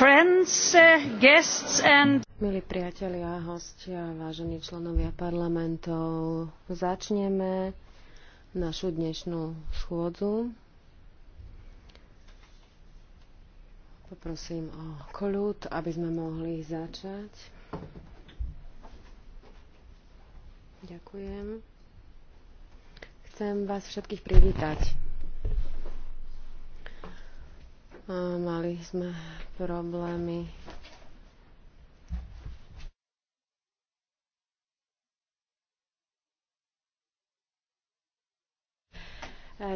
Eh, Milí priatelia, hostia, vážení členovia parlamentov, začneme našu dnešnú schôdzu. Poprosím o kľud, aby sme mohli začať. Ďakujem. Chcem vás všetkých privítať Mali sme problémy e,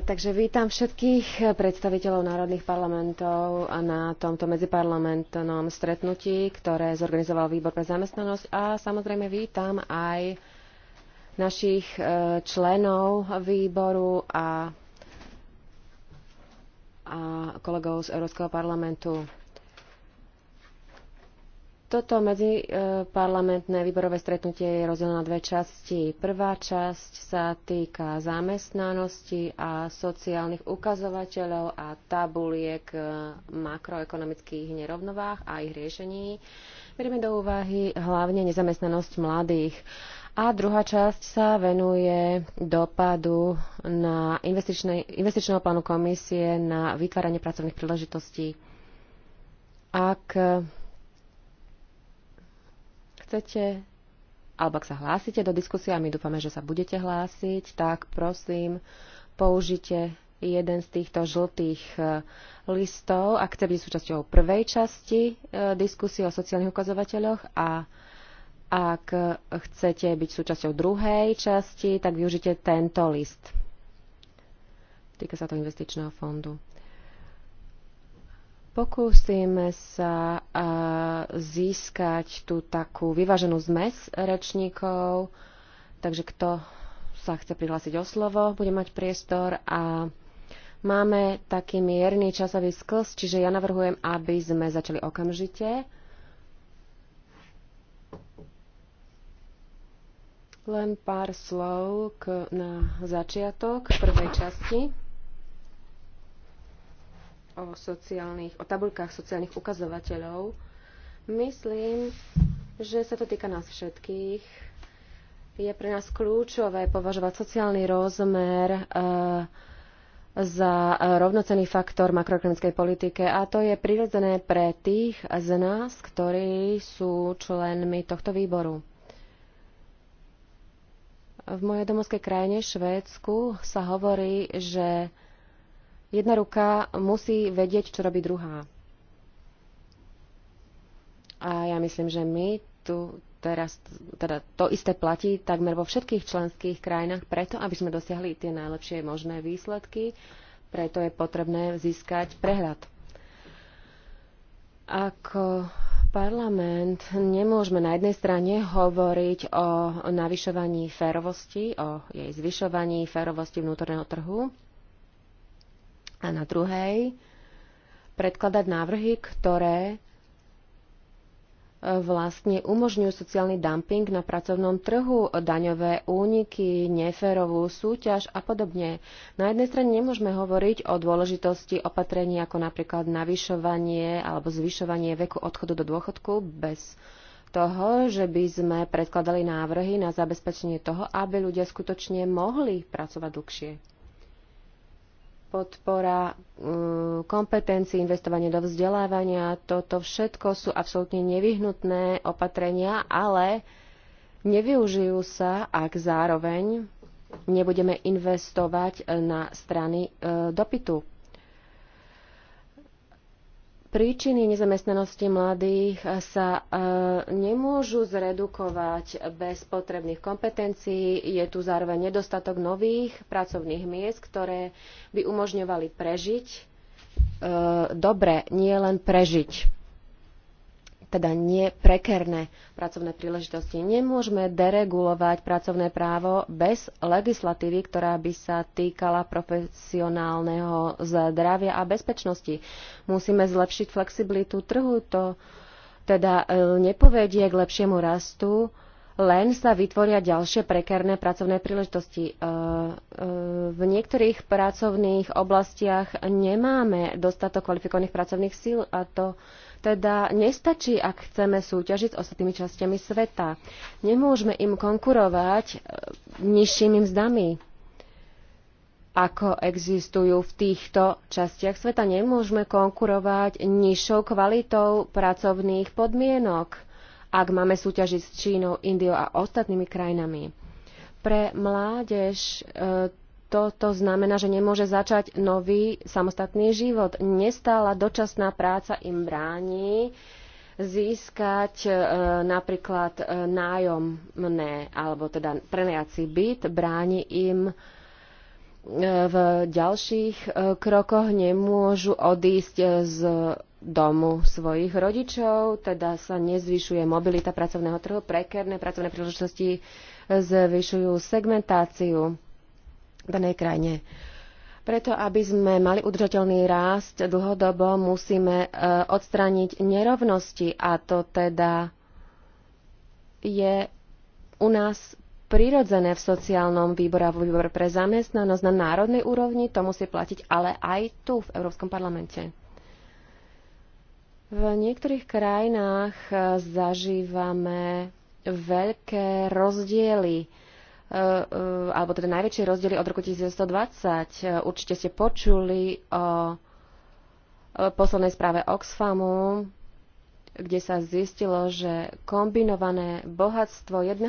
Takže vítam všetkých predstaviteľov národných parlamentov na tomto medziparlamentnom stretnutí, ktoré zorganizoval Výbor pre zamestnanosť a samozrejme vítam aj našich e, členov výboru a a kolegov z Európskeho parlamentu. Toto medziparlamentné výborové stretnutie je rozdelené na dve časti. Prvá časť sa týka zamestnanosti a sociálnych ukazovateľov a tabuliek makroekonomických nerovnovách a ich riešení. Berieme do úvahy hlavne nezamestnanosť mladých a druhá časť sa venuje dopadu na investičného plánu komisie na vytváranie pracovných príležitostí. Ak chcete alebo ak sa hlásite do diskusie a my dúfame, že sa budete hlásiť, tak prosím, použite jeden z týchto žltých e, listov, ak chcete byť súčasťou prvej časti e, diskusie o sociálnych ukazovateľoch a ak chcete byť súčasťou druhej časti, tak využite tento list. Týka sa to investičného fondu. Pokúsime sa získať tú takú vyváženú zmes rečníkov, takže kto sa chce prihlásiť o slovo, bude mať priestor a máme taký mierny časový sklz, čiže ja navrhujem, aby sme začali okamžite. Len pár slov k, na začiatok prvej časti o, sociálnych, o tabuľkách sociálnych ukazovateľov. Myslím, že sa to týka nás všetkých. Je pre nás kľúčové považovať sociálny rozmer e, za rovnocený faktor makroekonomickej politike a to je prirodzené pre tých z nás, ktorí sú členmi tohto výboru. V mojej domovskej krajine, Švédsku, sa hovorí, že jedna ruka musí vedieť, čo robí druhá. A ja myslím, že my tu teraz, teda to isté platí takmer vo všetkých členských krajinách preto, aby sme dosiahli tie najlepšie možné výsledky, preto je potrebné získať prehľad. Ako parlament nemôžeme na jednej strane hovoriť o navyšovaní férovosti, o jej zvyšovaní férovosti vnútorného trhu a na druhej predkladať návrhy, ktoré vlastne umožňujú sociálny dumping na pracovnom trhu, daňové úniky, neférovú súťaž a podobne. Na jednej strane nemôžeme hovoriť o dôležitosti opatrení ako napríklad navyšovanie alebo zvyšovanie veku odchodu do dôchodku bez toho, že by sme predkladali návrhy na zabezpečenie toho, aby ľudia skutočne mohli pracovať dlhšie podpora mm, kompetencií, investovanie do vzdelávania, toto všetko sú absolútne nevyhnutné opatrenia, ale nevyužijú sa, ak zároveň nebudeme investovať na strany e, dopytu. Príčiny nezamestnanosti mladých sa e, nemôžu zredukovať bez potrebných kompetencií. Je tu zároveň nedostatok nových pracovných miest, ktoré by umožňovali prežiť. E, dobre, nie len prežiť teda neprekerné pracovné príležitosti. Nemôžeme deregulovať pracovné právo bez legislatívy, ktorá by sa týkala profesionálneho zdravia a bezpečnosti. Musíme zlepšiť flexibilitu trhu, to teda e, nepovedie k lepšiemu rastu, len sa vytvoria ďalšie prekerné pracovné príležitosti. E, e, v niektorých pracovných oblastiach nemáme dostatok kvalifikovaných pracovných síl a to teda nestačí, ak chceme súťažiť s ostatnými častiami sveta. Nemôžeme im konkurovať e, nižšími mzdami, ako existujú v týchto častiach sveta. Nemôžeme konkurovať nižšou kvalitou pracovných podmienok, ak máme súťažiť s Čínou, Indiou a ostatnými krajinami. Pre mládež e, to znamená, že nemôže začať nový samostatný život. Nestála dočasná práca im bráni získať e, napríklad e, nájomné alebo teda prenajací byt, bráni im e, v ďalších e, krokoch nemôžu odísť e, z domu svojich rodičov, teda sa nezvyšuje mobilita pracovného trhu, prekerné pracovné príležitosti zvyšujú segmentáciu v danej krajine. Preto, aby sme mali udržateľný rást dlhodobo, musíme e, odstrániť nerovnosti a to teda je u nás prirodzené v sociálnom výbore a v výbore pre zamestnanosť na národnej úrovni, to musí platiť, ale aj tu v Európskom parlamente. V niektorých krajinách e, zažívame veľké rozdiely E, e, alebo teda najväčšie rozdiely od roku 1920. E, určite ste počuli o poslednej správe Oxfamu, kde sa zistilo, že kombinované bohatstvo 1%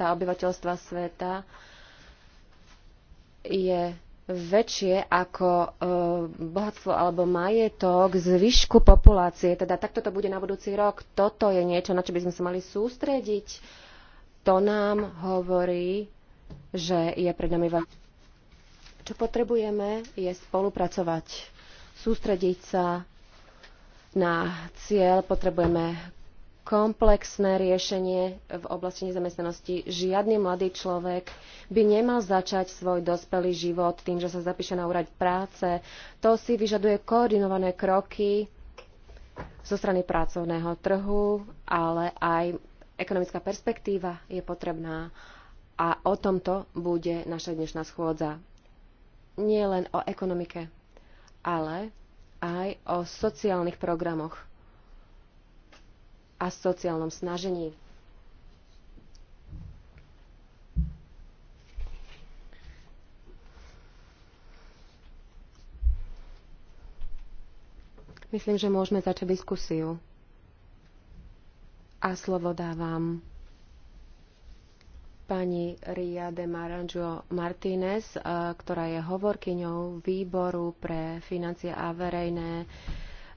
obyvateľstva sveta je väčšie ako bohatstvo alebo majetok zvyšku populácie. Teda takto to bude na budúci rok. Toto je niečo, na čo by sme sa mali sústrediť to nám hovorí, že je pred nami veľa. Čo potrebujeme, je spolupracovať, sústrediť sa na cieľ, potrebujeme komplexné riešenie v oblasti nezamestnanosti. Žiadny mladý človek by nemal začať svoj dospelý život tým, že sa zapíše na úrad práce. To si vyžaduje koordinované kroky zo strany pracovného trhu, ale aj Ekonomická perspektíva je potrebná a o tomto bude naša dnešná schôdza. Nie len o ekonomike, ale aj o sociálnych programoch a sociálnom snažení. Myslím, že môžeme začať diskusiu. A slovo dávam pani Ria de Maranjo Martínez, eh, ktorá je hovorkyňou výboru pre financie a verejné eh,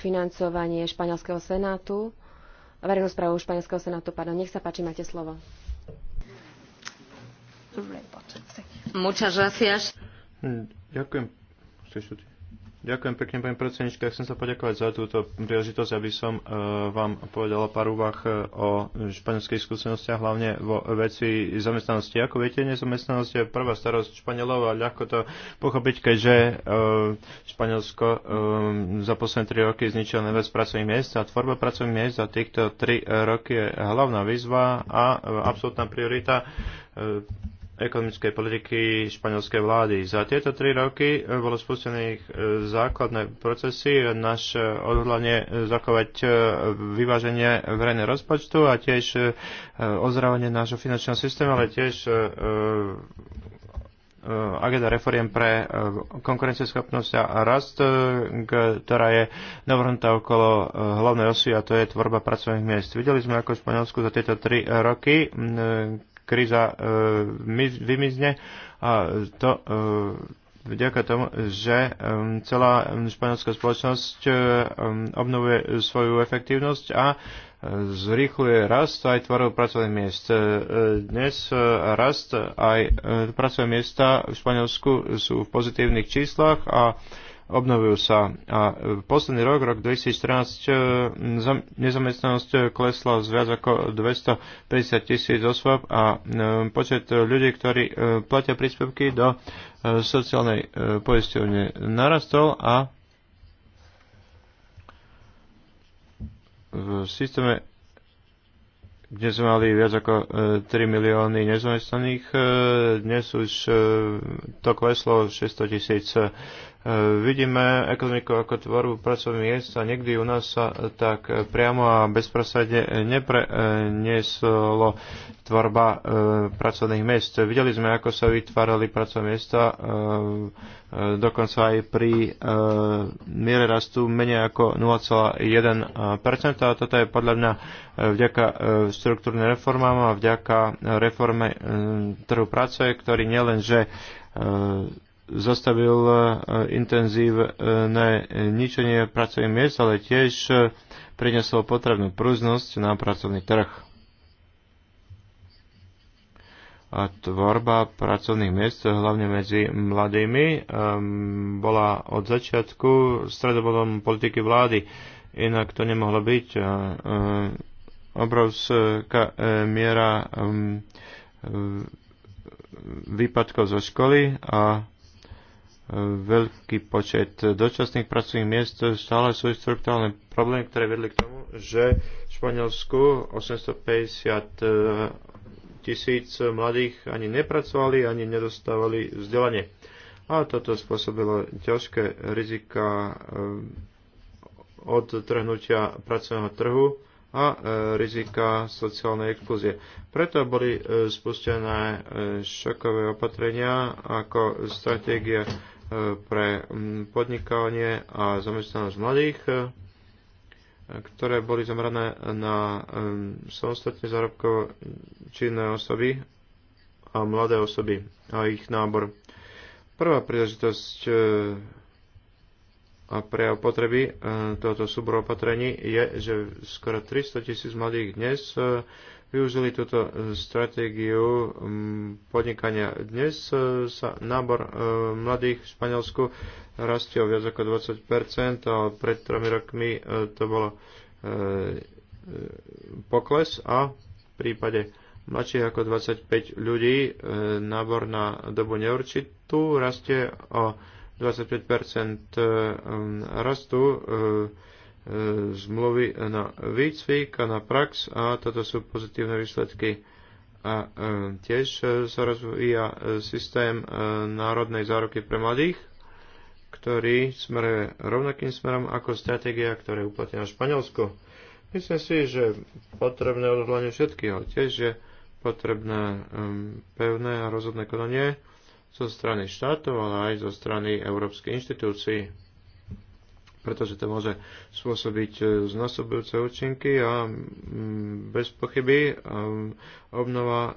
financovanie Španielského senátu, verejnú správu Španielského senátu. Pardon. Nech sa páči, máte slovo. Hm, ďakujem. Ďakujem pekne, pani predsednička. Chcem sa poďakovať za túto príležitosť, aby som e, vám povedala pár úvah e, o skúsenosti a hlavne vo veci zamestnanosti. Ako viete, nezamestnanosť je prvá starosť Španielov a ľahko to pochopiť, keďže e, Španielsko za posledné tri roky zničilo najviac pracovných miest a tvorba pracovných miest za týchto tri roky je hlavná výzva a absolútna priorita ekonomickej politiky španielskej vlády. Za tieto tri roky eh, bolo spustených eh, základné procesy, naše odhodlanie eh, zachovať vyváženie verejného rozpočtu a tiež ozdravenie nášho finančného systému, ale tiež agenda reforiem pre konkurencieschopnosť a rast, ktorá je navrhnutá okolo hlavnej osy a to je tvorba pracovných miest. Videli sme ako v Španielsku za tieto tri roky kríza e, vymizne a to e, vďaka tomu, že e, celá španielská spoločnosť obnovuje svoju efektívnosť a zrýchluje rast aj tvorov pracovných miest. Dnes rast aj pracovné miesta v Španielsku sú v pozitívnych číslach a obnovujú sa. A e, posledný rok, rok 2014, e, nezamestnanosť e, klesla z viac ako 250 tisíc osôb a počet ľudí, ktorí platia príspevky do sociálnej poisťovne narastol a v systéme kde sme mali viac ako 3 milióny nezamestnaných. Dnes už to kleslo 600 tisíc vidíme ekonomiku ako tvorbu pracovných miest a niekdy u nás sa tak priamo a bezprostredne neprenieslo tvorba e, pracovných miest. Videli sme, ako sa vytvárali pracovné miesta, e, e, dokonca aj pri miere rastu menej ako 0,1%. A toto je podľa mňa vďaka štruktúrnym reformám a vďaka reforme trhu práce, ktorý nielenže zastavil e, intenzívne ničenie pracovných miest, ale tiež e, priniesol potrebnú prúznosť na pracovný trh. A tvorba pracovných miest, hlavne medzi mladými, e, bola od začiatku stredobodom politiky vlády. Inak to nemohlo byť. Obrovská miera výpadkov zo školy a veľký počet dočasných pracovných miest, stále sú strukturálne problémy, ktoré vedli k tomu, že v Španielsku 850 e, tisíc mladých ani nepracovali, ani nedostávali vzdelanie. A toto spôsobilo ťažké rizika e, odtrhnutia pracovného trhu a e, rizika sociálnej exkluzie. Preto boli spustené šokové opatrenia ako stratégia pre mm, podnikanie a zamestnanosť mladých, e, ktoré boli zamerané na e, samostatne zárobkovo činné osoby a mladé osoby a ich nábor. Prvá príležitosť e, a pre potreby tohoto súboru opatrení je, že skoro 300 tisíc mladých dnes využili túto e, stratégiu podnikania. Dnes e, sa nábor e, mladých v Španielsku rastie o viac ako 20%, ale pred tromi rokmi to bolo pokles a v prípade mladších ako 25 ľudí nábor na dobu neurčitú rastie o 25% rastu E, zmluvy na výcvik a na prax a toto sú pozitívne výsledky. A e, tiež e, sa rozvíja systém národnej záruky pre mladých, ktorý smeruje rovnakým smerom ako stratégia, ktorá je uplatnená v Španielsku. Myslím si, že potrebné odhodlanie všetkého, tiež je potrebné pevné a rozhodné konanie zo strany štátov, ale aj zo strany európskej inštitúcií pretože to môže spôsobiť e, znásobujúce účinky a mm, bez pochyby e, obnova e,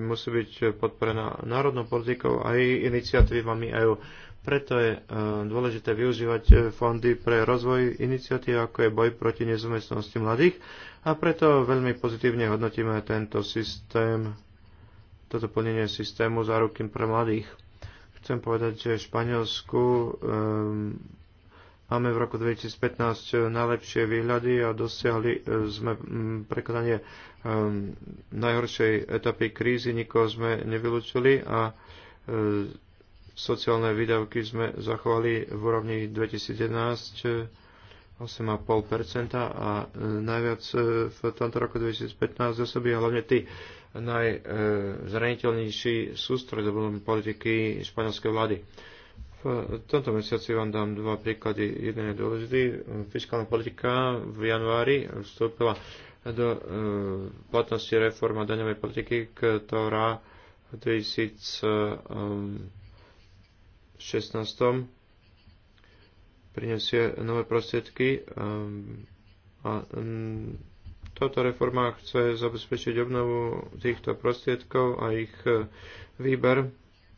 musí byť podporená národnou politikou aj iniciatívami EU. Preto je dôležité využívať fondy pre rozvoj iniciatív, ako je boj proti nezamestnanosti mladých a preto veľmi pozitívne hodnotíme tento systém, toto plnenie systému záruky pre mladých. Chcem povedať, že v Španielsku um, Máme v roku 2015 eh, najlepšie výhľady a dosiahli eh, sme mm, prekonanie ehm, najhoršej etapy krízy, nikoho sme nevylúčili a eh, sociálne výdavky sme zachovali v úrovni 2011 8,5% a najviac v tomto roku 2015 zasobia hlavne tí najzraniteľnejší sú stredobodom politiky španielskej vlády. V tomto mesiaci vám dám dva príklady. Jeden je dôležitý. Fiskálna politika v januári vstúpila do e, platnosti reforma daňovej politiky, ktorá v 2016 prinesie nové prostriedky e, a táto reforma chce zabezpečiť obnovu týchto prostriedkov a ich e, výber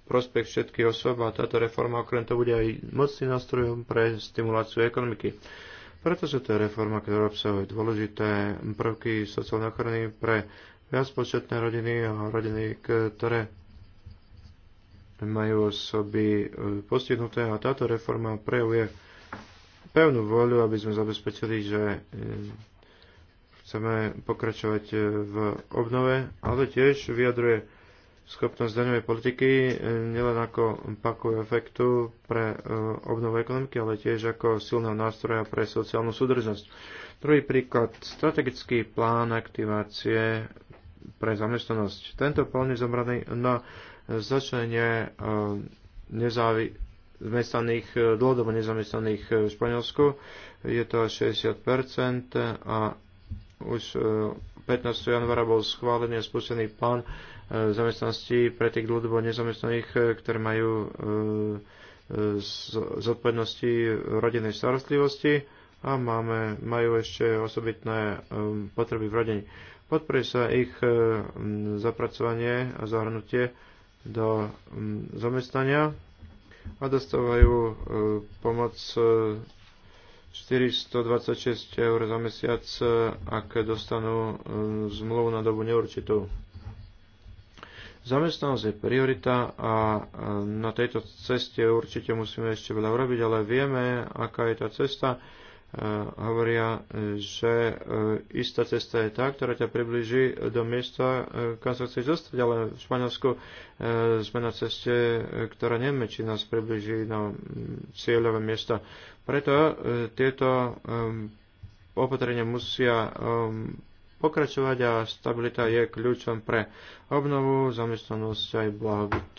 prospech všetkých osob a táto reforma okrem toho bude aj mocným nástrojom pre stimuláciu ekonomiky. Preto sú to reforma, ktorá obsahuje dôležité prvky sociálnej ochrany pre viac početné rodiny a rodiny, ktoré majú osoby eh, postihnuté a táto reforma prejavuje pevnú voľu, aby sme zabezpečili, že eh, chceme pokračovať eh, v obnove, ale tiež vyjadruje schopnosť daňovej politiky e, nielen ako pakového efektu pre e, obnovu ekonomiky, ale tiež ako silného nástroja pre sociálnu súdržnosť. Druhý príklad, strategický plán aktivácie pre zamestnanosť. Tento plán je zamraný na začlenie e, nezávi- zamestnaných, dlhodobo nezamestnaných v Španielsku. Je to 60% a už 15. januára bol schválený a spustený plán E, zamestnanosti pre tých dlhodobo nezamestnaných, e, ktoré majú e, zodpovednosti rodinnej starostlivosti a máme, majú ešte osobitné potreby v rodení. Podporí sa ich zapracovanie a zahrnutie do zamestnania a dostávajú pomoc 426 eur za mesiac, ak dostanú zmluvu na dobu neurčitú. Zamestnanosť je priorita a na tejto ceste určite musíme ešte veľa urobiť, ale vieme, aká je tá cesta. E, hovoria, že e, istá cesta je tá, ktorá ťa približí do miesta, e, kam sa chceš dostať, ale v Španielsku sme na ceste, ktorá neviem, či nás približí na cieľové miesta. Preto tieto opatrenia musia pokračovať a stabilita je kľúčom pre obnovu, zamestnanosť aj blahobyt.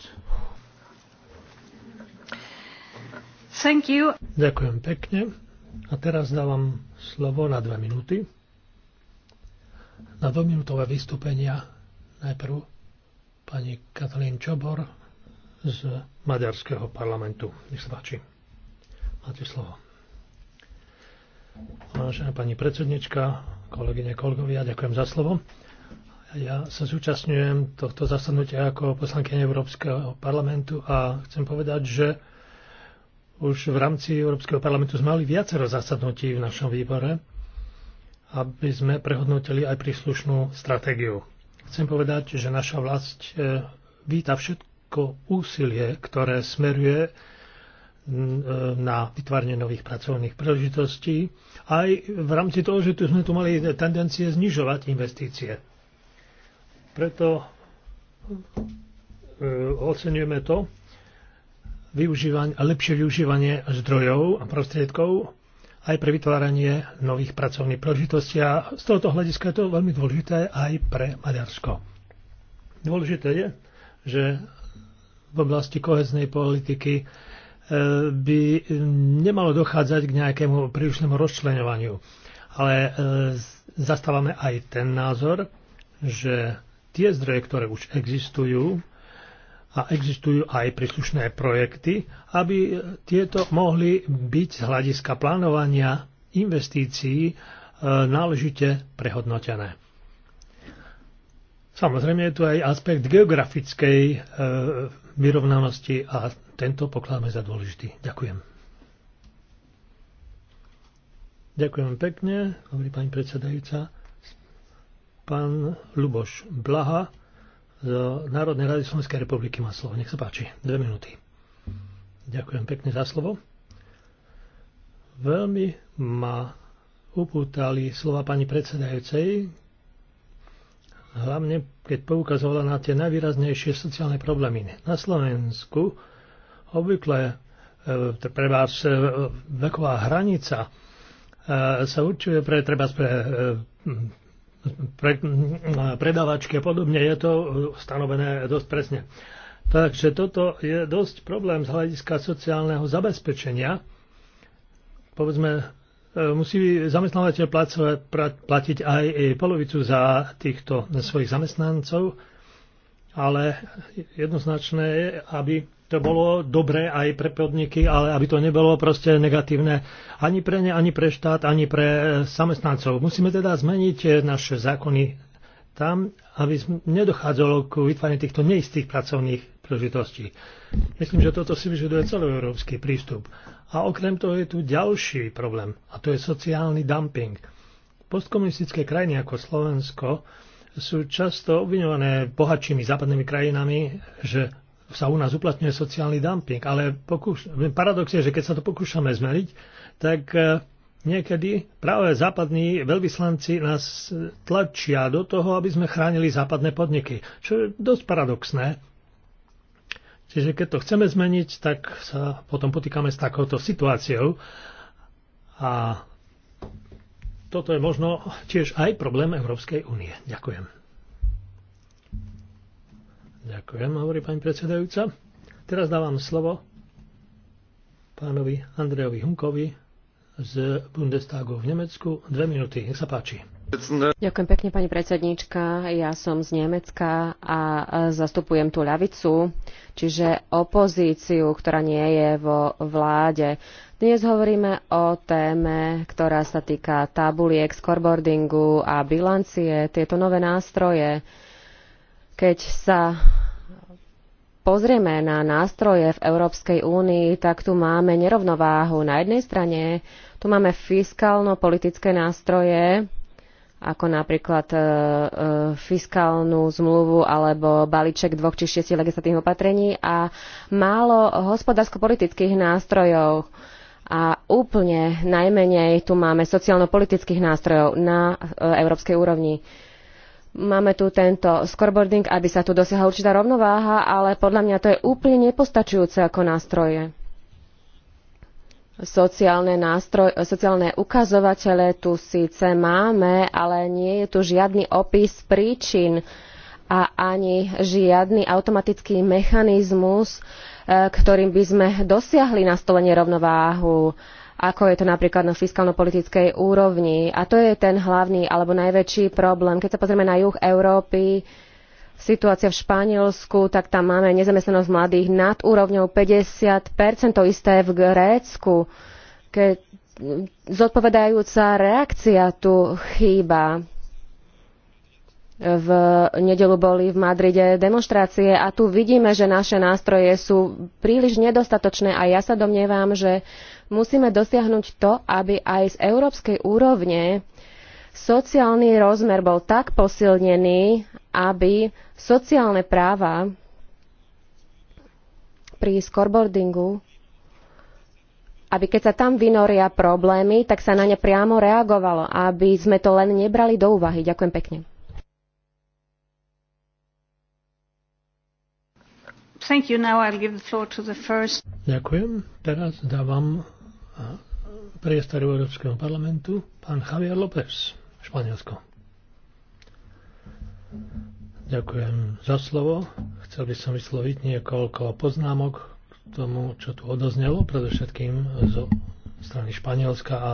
Thank you. Ďakujem pekne. A teraz dávam slovo na dve minúty. Na dvominútové vystúpenia najprv pani Katalín Čobor z Maďarského parlamentu. Nech sa páči. Máte slovo. Vážená pani predsednička, kolegyne, kolegovia, ďakujem za slovo. Ja sa zúčastňujem tohto zasadnutia ako poslankyne Európskeho parlamentu a chcem povedať, že už v rámci Európskeho parlamentu sme mali viacero zasadnutí v našom výbore, aby sme prehodnotili aj príslušnú stratégiu. Chcem povedať, že naša vlast eh, víta všetko úsilie, ktoré smeruje E, na vytvárne nových pracovných príležitostí, aj v rámci toho, že tu sme tu mali tendencie znižovať investície. Preto e, oceňujeme to, využívanie, lepšie využívanie zdrojov a prostriedkov aj pre vytváranie nových pracovných príležitostí a z tohoto hľadiska je to veľmi dôležité aj pre Maďarsko. Dôležité je, že v oblasti koheznej politiky by nemalo dochádzať k nejakému prílišnému rozčlenovaniu. Ale e, zastávame aj ten názor, že tie zdroje, ktoré už existujú, a existujú aj príslušné projekty, aby tieto mohli byť z hľadiska plánovania investícií e, náležite prehodnotené. Samozrejme je tu aj aspekt geografickej e, vyrovnanosti a tento pokladáme za dôležitý. Ďakujem. Ďakujem pekne, hovorí pani predsedajúca. Pán Luboš Blaha z Národnej rady Slovenskej republiky má slovo. Nech sa páči, dve minúty. Ďakujem pekne za slovo. Veľmi ma upútali slova pani predsedajúcej, hlavne keď poukazovala na tie najvýraznejšie sociálne problémy. Na Slovensku obvykle e, pre vás e, veková hranica e, sa určuje pre, treba pre, pre predávačky a podobne. Je to stanovené dosť presne. Takže toto je dosť problém z hľadiska sociálneho zabezpečenia. Povedzme, E, musí zamestnávateľ platiť aj e, polovicu za týchto svojich zamestnancov, ale jednoznačné je, aby to bolo dobré aj pre podniky, ale aby to nebolo proste negatívne ani pre ne, ani pre štát, ani pre e, zamestnancov. Musíme teda zmeniť naše zákony tam, aby nedochádzalo k vytváraniu týchto neistých pracovných príležitosti. Myslím, že toto si vyžaduje celoeurópsky prístup. A okrem toho je tu ďalší problém, a to je sociálny dumping. Postkomunistické krajiny ako Slovensko sú často obviňované bohatšími západnými krajinami, že sa u nás uplatňuje sociálny dumping, ale pokus, paradox je, že keď sa to pokúšame zmeriť, tak e, niekedy práve západní veľvyslanci nás tlačia do toho, aby sme chránili západné podniky, čo je dosť paradoxné. Čiže keď to chceme zmeniť, tak sa potom potýkame s takouto situáciou. A toto je možno tiež aj problém Európskej únie. Ďakujem. Ďakujem, hovorí pani predsedajúca. Teraz dávam slovo pánovi Andrejovi Hunkovi z Bundestagu v Nemecku. Dve minúty, nech sa páči. Ďakujem pekne, pani Ja som z Nemecka a zastupujem tú ľavicu, čiže opozíciu, ktorá nie je vo vláde. Dnes hovoríme o téme, ktorá sa týka tabuliek, scoreboardingu a bilancie, tieto nové nástroje. Keď sa pozrieme na nástroje v Európskej únii, tak tu máme nerovnováhu. Na jednej strane tu máme fiskálno-politické nástroje, ako napríklad e, e, fiskálnu zmluvu alebo balíček dvoch či šiestich legislatívnych opatrení a málo hospodársko-politických nástrojov a úplne najmenej tu máme sociálno-politických nástrojov na e, európskej úrovni. Máme tu tento scoreboarding, aby sa tu dosiahla určitá rovnováha, ale podľa mňa to je úplne nepostačujúce ako nástroje sociálne, nástroj, sociálne ukazovatele tu síce máme, ale nie je tu žiadny opis príčin a ani žiadny automatický mechanizmus, e, ktorým by sme dosiahli nastolenie rovnováhu, ako je to napríklad na fiskálno-politickej úrovni. A to je ten hlavný alebo najväčší problém. Keď sa pozrieme na juh Európy, situácia v Španielsku, tak tam máme nezamestnanosť mladých nad úrovňou 50%, to isté v Grécku. Keď zodpovedajúca reakcia tu chýba. V nedelu boli v Madride demonstrácie a tu vidíme, že naše nástroje sú príliš nedostatočné a ja sa domnievam, že musíme dosiahnuť to, aby aj z európskej úrovne sociálny rozmer bol tak posilnený, aby sociálne práva pri scoreboardingu, aby keď sa tam vynoria problémy, tak sa na ne priamo reagovalo, aby sme to len nebrali do úvahy. Ďakujem pekne. Ďakujem. Teraz dávam priestor Európskeho parlamentu pán Javier López, Španielsko. Ďakujem za slovo. Chcel by som vysloviť niekoľko poznámok k tomu, čo tu odoznelo, predovšetkým zo strany Španielska a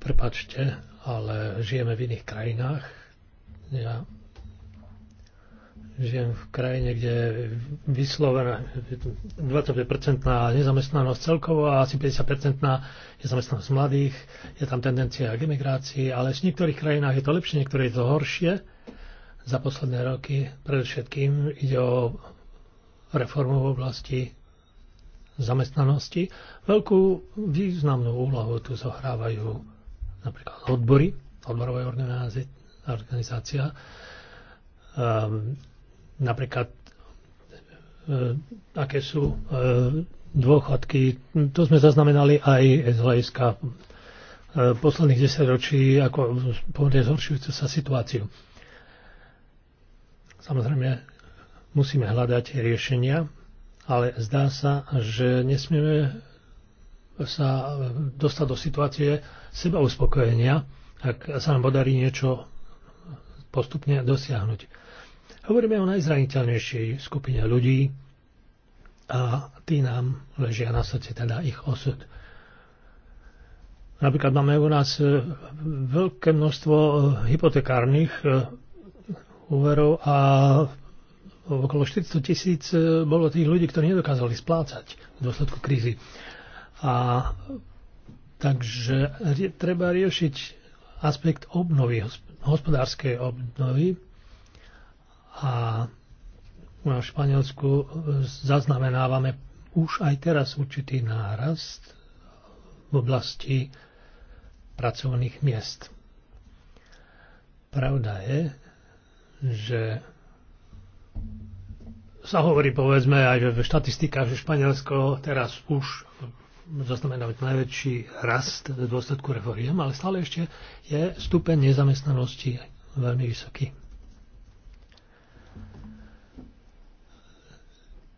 prepačte, ale žijeme v iných krajinách. Ja žijem v krajine, kde je vyslovená 25-percentná nezamestnanosť celkovo a asi 50-percentná nezamestnanosť mladých. Je tam tendencia k emigrácii, ale v niektorých krajinách je to lepšie, niektoré je to horšie za posledné roky. Predovšetkým ide o reformu v oblasti zamestnanosti. Veľkú významnú úlohu tu zohrávajú napríklad odbory, odborové organizácia. Um, napríklad uh, aké sú e, dôchodky. To sme zaznamenali aj z hľadiska uh, posledných ročí, ako pomerne zhoršujúcu sa situáciu. Samozrejme, musíme hľadať riešenia, ale zdá sa, že nesmieme sa dostať do situácie seba uspokojenia, ak sa nám podarí niečo postupne dosiahnuť. Hovoríme o najzraniteľnejšej skupine ľudí a tí nám ležia na srdci, teda ich osud. Napríklad máme u nás veľké množstvo hypotekárnych úverov a okolo 400 tisíc e, bolo tých ľudí, ktorí nedokázali splácať v dôsledku krízy. A takže treba riešiť aspekt obnovy, hospodárskej obnovy a v Španielsku e, zaznamenávame už aj teraz určitý nárast v oblasti pracovných miest. Pravda je, že sa hovorí povedzme aj v štatistikách, že Španielsko teraz už zaznamenávať najväčší rast v dôsledku reforiem, ale stále ešte je stupeň nezamestnanosti veľmi vysoký.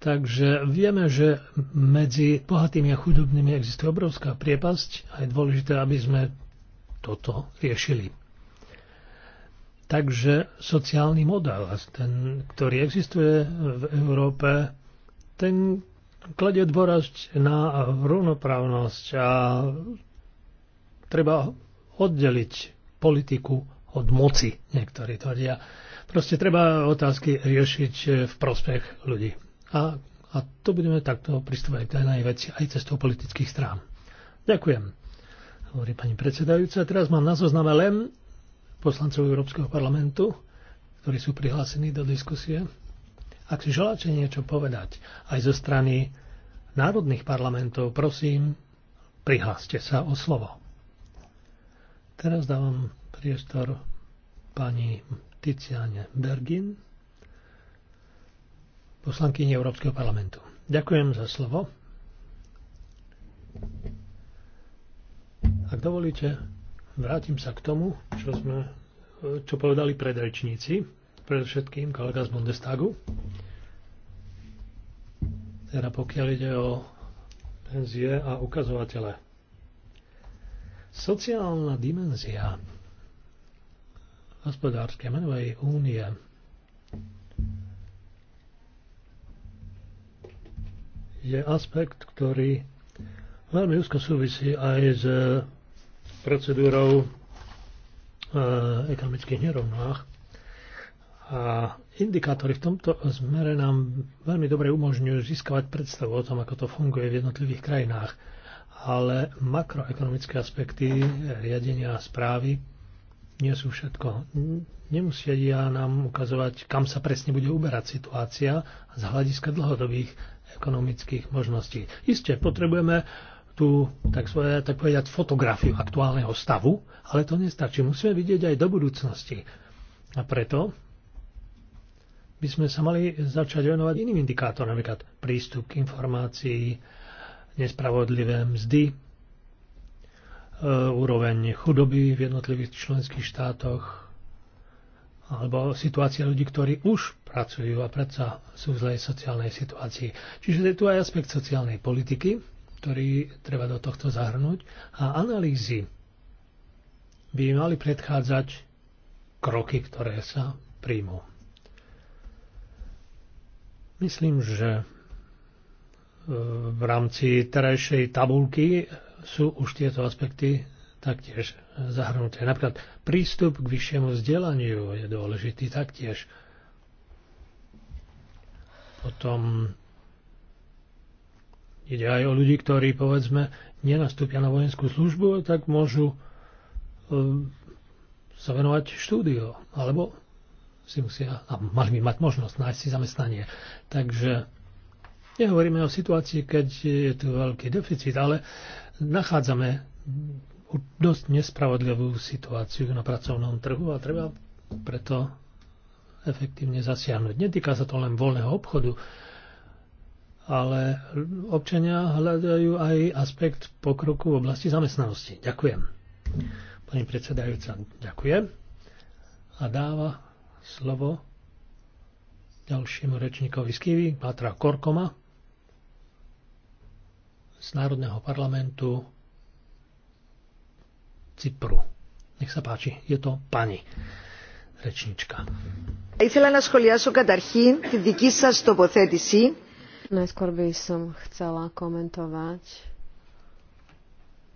Takže vieme, že medzi bohatými a chudobnými existuje obrovská priepasť a je dôležité, aby sme toto riešili. Takže sociálny model, ten, ktorý existuje v Európe, ten kladie dôrazť na rovnoprávnosť a treba oddeliť politiku od moci, niektorí tvrdia. Proste treba otázky riešiť v prospech ľudí. A, a to budeme takto pristúpať k danej veci aj cestou politických strán. Ďakujem, hovorí pani predsedajúca. Teraz mám na zozname len poslancov Európskeho parlamentu, ktorí sú prihlásení do diskusie. Ak si želáte niečo povedať aj zo strany národných parlamentov, prosím, prihláste sa o slovo. Teraz dávam priestor pani Tiziane Bergin, poslankyni Európskeho parlamentu. Ďakujem za slovo. Ak dovolíte, Vrátim sa k tomu, čo sme čo povedali predrečníci, predovšetkým kolega z Bundestagu. Teda pokiaľ ide o penzie a ukazovatele. Sociálna dimenzia hospodárskej menovej únie je aspekt, ktorý veľmi úzko súvisí aj s procedúrou e, ekonomických nerovnách. A indikátory v tomto zmere nám veľmi dobre umožňujú získavať predstavu o tom, ako to funguje v jednotlivých krajinách. Ale makroekonomické aspekty riadenia a správy nie sú všetko. Nemusia nám ukazovať, kam sa presne bude uberať situácia z hľadiska dlhodobých ekonomických možností. Isté, potrebujeme tú, tak, svoje, tak povedať, fotografiu aktuálneho stavu, ale to nestačí. Musíme vidieť aj do budúcnosti. A preto by sme sa mali začať venovať iným indikátorom, napríklad prístup k informácii, nespravodlivé mzdy, e, úroveň chudoby v jednotlivých členských štátoch, alebo situácia ľudí, ktorí už pracujú a predsa sú v zlej sociálnej situácii. Čiže je tu aj aspekt sociálnej politiky, ktorý treba do tohto zahrnúť a analýzy by mali predchádzať kroky, ktoré sa príjmú. Myslím, že e, v rámci terajšej tabulky sú už tieto aspekty taktiež zahrnuté. Napríklad prístup k vyššiemu vzdelaniu je dôležitý taktiež. Potom Ide aj o ľudí, ktorí, povedzme, nenastúpia na vojenskú službu, tak môžu ehm, sa venovať štúdiu, alebo si musia, a mali by mať možnosť nájsť si zamestnanie. Takže nehovoríme o situácii, keď je tu veľký deficit, ale nachádzame dosť nespravodlivú situáciu na pracovnom trhu a treba preto efektívne zasiahnuť. Netýka sa to len voľného obchodu, ale občania hľadajú aj aspekt pokroku v oblasti zamestnanosti. Ďakujem. Pani predsedajúca, ďakujem. A dáva slovo ďalšiemu rečníkovi z Kivy, Pátra Korkoma z Národného parlamentu Cypru. Nech sa páči, je to pani rečníčka. Ήθελα να σχολιάσω καταρχήν τη δική σας τοποθέτηση Najskôr by som chcela komentovať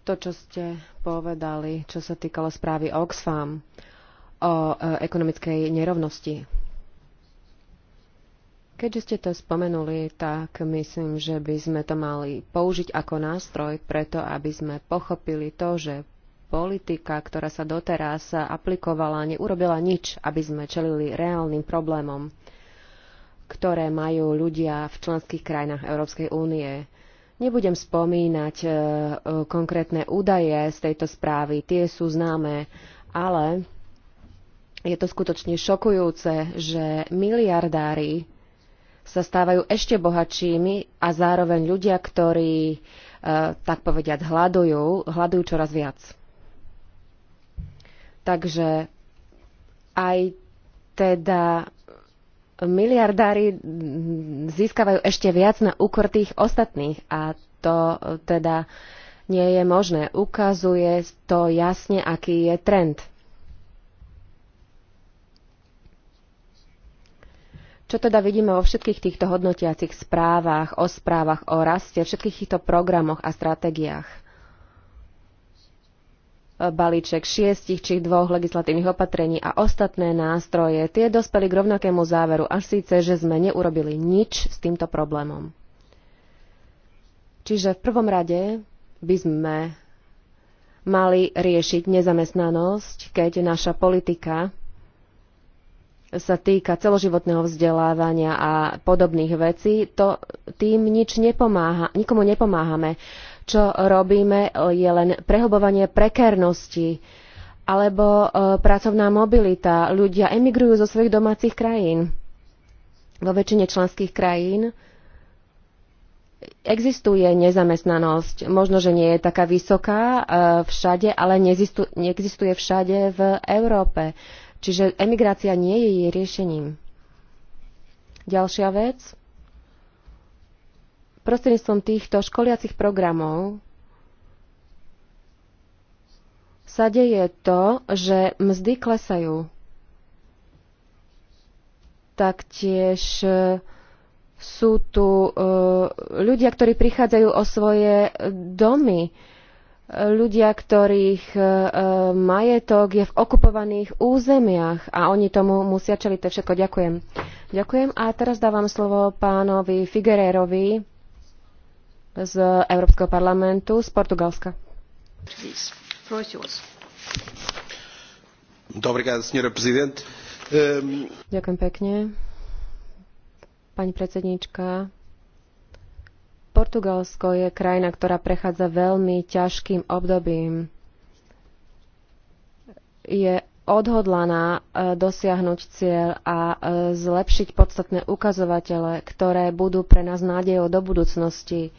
to, čo ste povedali, čo sa týkalo správy Oxfam o e, ekonomickej nerovnosti. Keďže ste to spomenuli, tak myslím, že by sme to mali použiť ako nástroj preto, aby sme pochopili to, že politika, ktorá sa doteraz aplikovala, neurobila nič, aby sme čelili reálnym problémom ktoré majú ľudia v členských krajinách Európskej únie. Nebudem spomínať e, e, konkrétne údaje z tejto správy, tie sú známe, ale je to skutočne šokujúce, že miliardári sa stávajú ešte bohatšími a zároveň ľudia, ktorí, e, tak povediať, hľadujú, hľadujú čoraz viac. Takže aj teda miliardári získavajú ešte viac na úkor tých ostatných a to e, teda nie je možné. Ukazuje to jasne, aký je trend. Čo teda vidíme vo všetkých týchto hodnotiacich správach, o správach, o raste, všetkých týchto programoch a stratégiách? balíček šiestich či dvoch legislatívnych opatrení a ostatné nástroje, tie dospeli k rovnakému záveru, až síce, že sme neurobili nič s týmto problémom. Čiže v prvom rade by sme mali riešiť nezamestnanosť, keď naša politika sa týka celoživotného vzdelávania a podobných vecí, to tým nič nepomáha, nikomu nepomáhame čo robíme, e, je len prehlbovanie prekernosti alebo e, pracovná mobilita. Ľudia emigrujú zo svojich domácich krajín. Vo väčšine členských krajín existuje nezamestnanosť. Možno, že nie je taká vysoká e, všade, ale neexistuje všade v Európe. Čiže emigrácia nie je jej riešením. Ďalšia vec Prostredníctvom týchto školiacich programov sa deje to, že mzdy klesajú. Taktiež e, sú tu e, ľudia, ktorí prichádzajú o svoje domy, e, ľudia, ktorých majetok je v okupovaných územiach a oni tomu musia čeliť. To všetko ďakujem. Ďakujem a teraz dávam slovo pánovi Figuerérovi z Európskeho parlamentu z Portugalska. Ehm, Ďakujem pekne. Pani predsedníčka, Portugalsko je krajina, ktorá prechádza veľmi ťažkým obdobím. Je odhodlaná e, dosiahnuť cieľ a e, zlepšiť podstatné ukazovatele, ktoré budú pre nás nádejou do budúcnosti.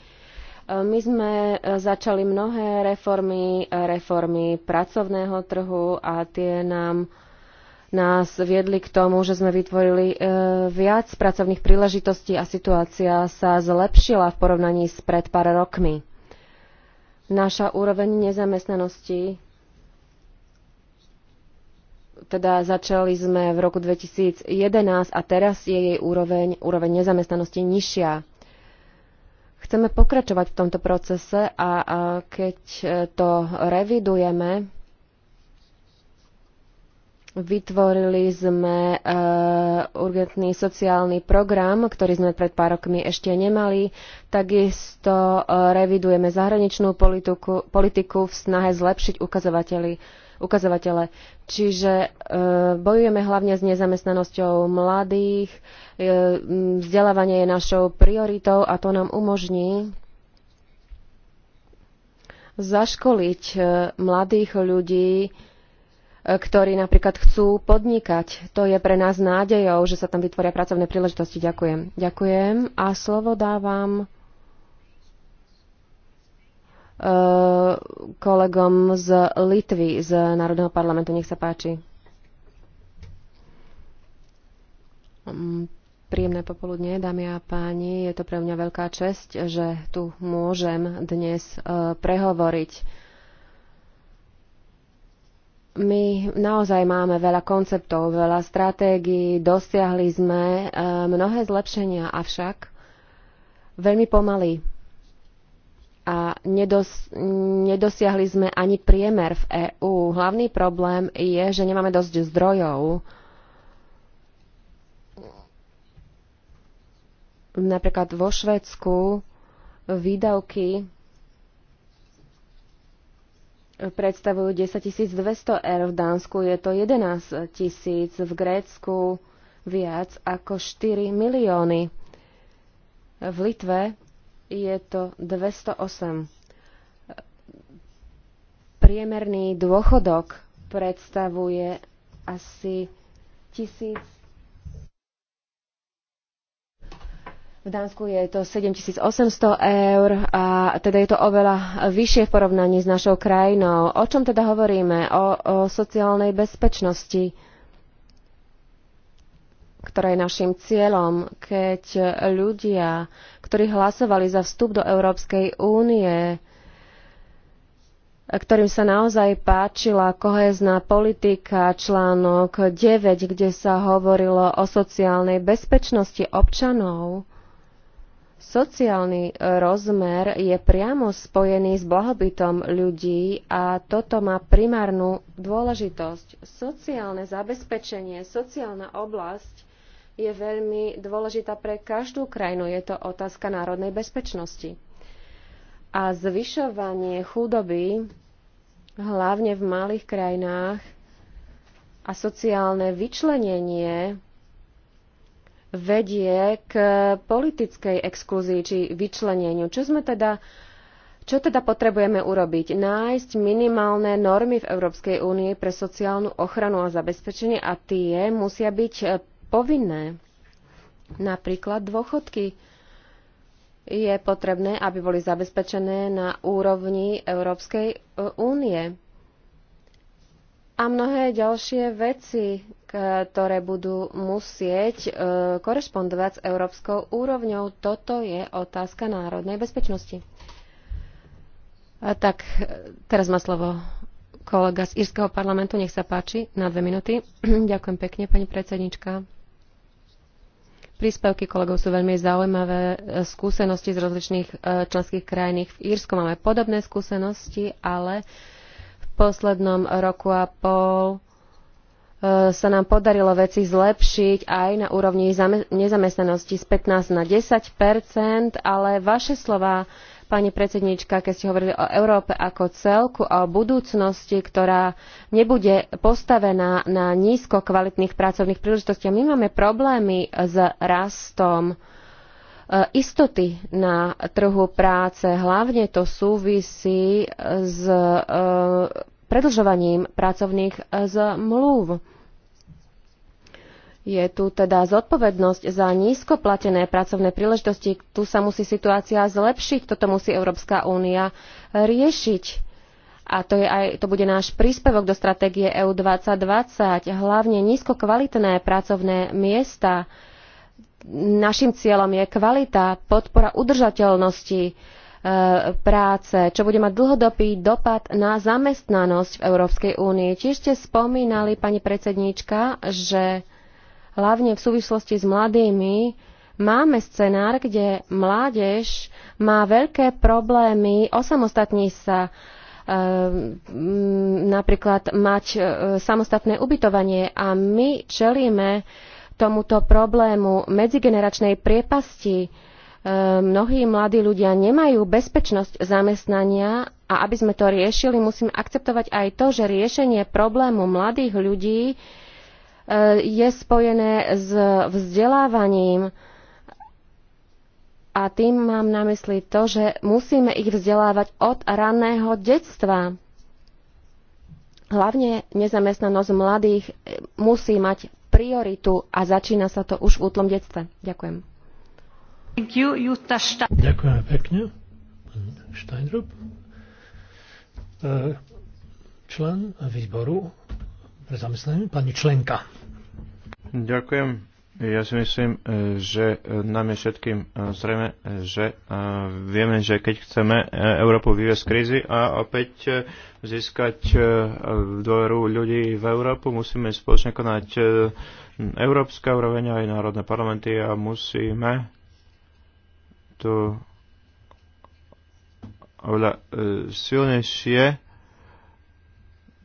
Eh, my sme eh, začali mnohé reformy, eh, reformy pracovného trhu a tie nám nás viedli k tomu, že sme vytvorili viac pracovných príležitostí a situácia sa zlepšila v porovnaní s pred pár rokmi. Naša úroveň nezamestnanosti teda začali sme v roku 2011 a teraz je jej úroveň, úroveň nezamestnanosti nižšia. Chceme pokračovať v tomto procese a, a keď e, to revidujeme, Vytvorili sme e, urgentný sociálny program, ktorý sme pred pár rokmi ešte nemali. Takisto e, revidujeme zahraničnú politiku, politiku v snahe zlepšiť ukazovateľy ukazovatele. Čiže e, bojujeme hlavne s nezamestnanosťou mladých, e, vzdelávanie je našou prioritou a to nám umožní zaškoliť e, mladých ľudí, ktorí napríklad chcú podnikať. To je pre nás nádejou, že sa tam vytvoria pracovné príležitosti. Ďakujem. Ďakujem a slovo dávam Eh, kolegom z Litvy, z Národného parlamentu. Nech sa páči. Mm, príjemné popoludne, dámy a páni. Je to pre mňa veľká česť, že tu môžem dnes eh, prehovoriť. My naozaj máme veľa konceptov, veľa stratégií, dosiahli sme eh, mnohé zlepšenia, avšak veľmi pomaly a nedos, nedosiahli sme ani priemer v EÚ. Hlavný problém je, že nemáme dosť zdrojov. Napríklad vo Švedsku výdavky predstavujú 10 200 eur, v Dánsku je to 11 tisíc, v Grécku viac ako 4 milióny. V Litve je to 208. Priemerný dôchodok predstavuje asi tisíc. V Dánsku je to 7800 eur a teda je to oveľa vyššie v porovnaní s našou krajinou. O čom teda hovoríme? O, o sociálnej bezpečnosti ktorá je našim cieľom, keď ľudia, ktorí hlasovali za vstup do Európskej únie, ktorým sa naozaj páčila kohezná politika, článok 9, kde sa hovorilo o sociálnej bezpečnosti občanov. Sociálny rozmer je priamo spojený s blahobytom ľudí a toto má primárnu dôležitosť. Sociálne zabezpečenie, sociálna oblasť je veľmi dôležitá pre každú krajinu. Je to otázka národnej bezpečnosti. A zvyšovanie chudoby, hlavne v malých krajinách, a sociálne vyčlenenie vedie k politickej exkluzii či vyčleneniu. Čo sme teda čo teda potrebujeme urobiť? Nájsť minimálne normy v Európskej únii pre sociálnu ochranu a zabezpečenie a tie musia byť povinné. Napríklad dôchodky je potrebné, aby boli zabezpečené na úrovni Európskej e, únie. A mnohé ďalšie veci, ktoré budú musieť e, korešpondovať s európskou úrovňou, toto je otázka národnej bezpečnosti. A tak, e, teraz má slovo kolega z Írskeho parlamentu, nech sa páči, na dve minúty. Ďakujem pekne, pani predsednička. Príspevky kolegov sú veľmi zaujímavé. E, skúsenosti z rozličných e, členských krajín. V Írsku máme podobné skúsenosti, ale v poslednom roku a pol e, sa nám podarilo veci zlepšiť aj na úrovni nezamestnanosti z 15 na 10 ale vaše slova pani predsedníčka, keď ste hovorili o Európe ako celku a o budúcnosti, ktorá nebude postavená na nízko kvalitných pracovných príležitostiach. My máme problémy s rastom e, istoty na trhu práce. Hlavne to súvisí s e, predlžovaním pracovných e, zmluv. Je tu teda zodpovednosť za nízko platené pracovné príležitosti. Tu sa musí situácia zlepšiť, toto musí Európska únia riešiť. A to, je aj, to bude náš príspevok do stratégie EU 2020, hlavne nízko kvalitné pracovné miesta. Našim cieľom je kvalita, podpora udržateľnosti e, práce, čo bude mať dlhodobý dopad na zamestnanosť v Európskej únii. Tiež ste spomínali, pani predsedníčka, že hlavne v súvislosti s mladými, máme scenár, kde mládež má veľké problémy osamostatní sa, ehm, napríklad mať e, samostatné ubytovanie a my čelíme tomuto problému medzigeneračnej priepasti. Ehm, mnohí mladí ľudia nemajú bezpečnosť zamestnania a aby sme to riešili, musíme akceptovať aj to, že riešenie problému mladých ľudí je spojené s vzdelávaním a tým mám na mysli to, že musíme ich vzdelávať od raného detstva. Hlavne nezamestnanosť mladých e, musí mať prioritu a začína sa to už v útlom detstve. Ďakujem. Ďakujem pekne. Steindrup. E, člen výboru pre zamestnanie. Pani Členka. Ďakujem. Ja si myslím, e, že e, nám je všetkým e, zrejme, že vieme, že keď chceme Európu vyviesť z krízy a opäť získať dôveru ľudí v Európu, musíme spoločne konať európska úroveň aj národné parlamenty a musíme tu oveľa silnejšie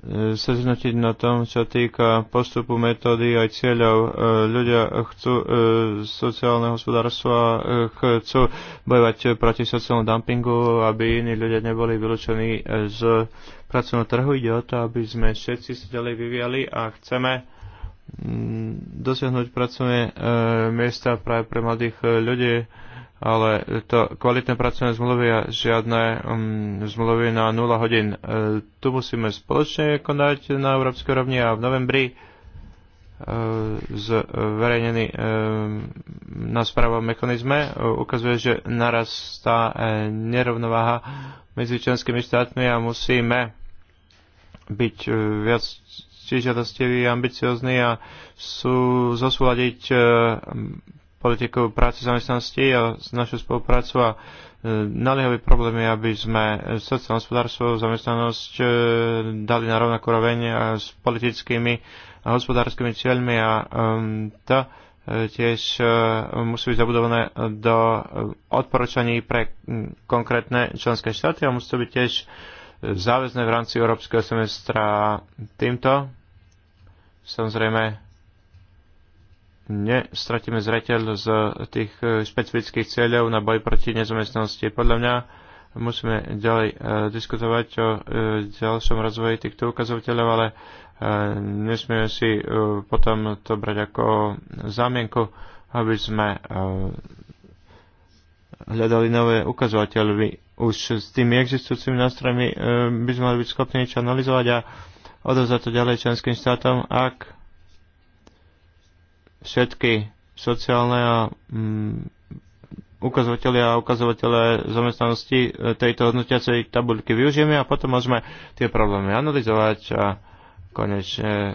E, sa na tom, čo týka postupu metódy aj cieľov. E, ľudia chcú e, sociálne hospodárstvo chcú bojovať proti sociálnom dumpingu, aby iní ľudia neboli vylúčení z pracovného trhu. Ide o to, aby sme všetci sa ďalej vyvíjali a chceme Mm, dosiahnuť pracovné e, miesta práve pre mladých e, ľudí, ale to kvalitné pracovné zmluvy a žiadne um, zmluvy na 0 hodín. E, tu musíme spoločne konať na európskej rovni a v novembri e, zverejnený e, na správom mechanizme e, ukazuje, že narastá e, nerovnováha medzi členskými štátmi a musíme byť e, viac ctižiadostivý, ambiciozný a sú zosúľadiť e, politiku práce zamestnanosti a našu spoluprácu a e, naliehavý problém je, aby sme sociálne hospodárstvo, zamestnanosť e, dali na rovnakú roveň s politickými a hospodárskymi cieľmi a to tiež musí byť zabudované do odporúčaní pre konkrétne členské štáty a musí to byť tiež záväzné v rámci európskeho semestra týmto. Samozrejme, nestratíme zreteľ z tých e, špecifických cieľov na boj proti nezamestnanosti. Podľa mňa musíme ďalej e, diskutovať o e, ďalšom rozvoji týchto ukazovateľov, ale nesmieme si potom to brať ako zámienku, aby sme hľadali nové ukazovateľy. Už s tými existujúcimi nástrojmi e, by sme mali byť schopní niečo analyzovať a odovzdať to ďalej členským štátom, ak všetky sociálne a mm, ukazovatele a ukazovateľe zamestnanosti e, tejto hodnotiacej tabuľky využijeme a potom môžeme tie problémy analyzovať a konečne e,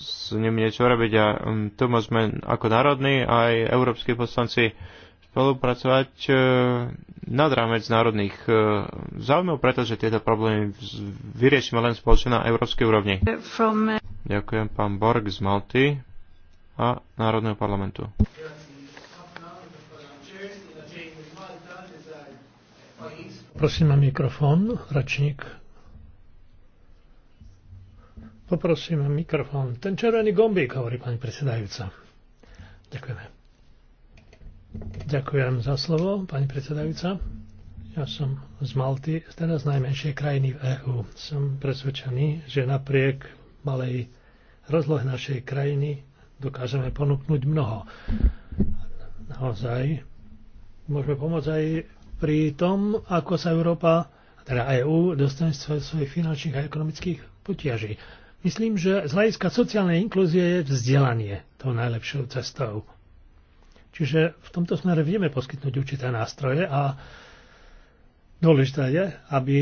s nimi niečo robiť. A e, tu môžeme ako národní aj európsky poslanci spolupracovať e, nad rámec národných e, záujmov, pretože tieto problémy vyriešime len spoločne na európskej úrovni. From... E, Ďakujem pán Borg z Malty a Národného parlamentu. Prosím na mikrofón, račník. Poprosím mikrofón. Ten červený gombík, hovorí pani predsedajúca. Ďakujeme. Ďakujem za slovo, pani predsedajúca. Ja som z Malty, z teraz najmenšej krajiny v EÚ. Som presvedčený, že napriek malej rozlohe našej krajiny dokážeme ponúknuť mnoho. Naozaj môžeme pomôcť aj pri tom, ako sa Európa, teda EÚ, dostane z svojich finančných a ekonomických potiaží. Myslím, že z hľadiska sociálnej inklúzie je vzdelanie tou najlepšou cestou. Čiže v tomto smere vieme poskytnúť určité nástroje a dôležité je, aby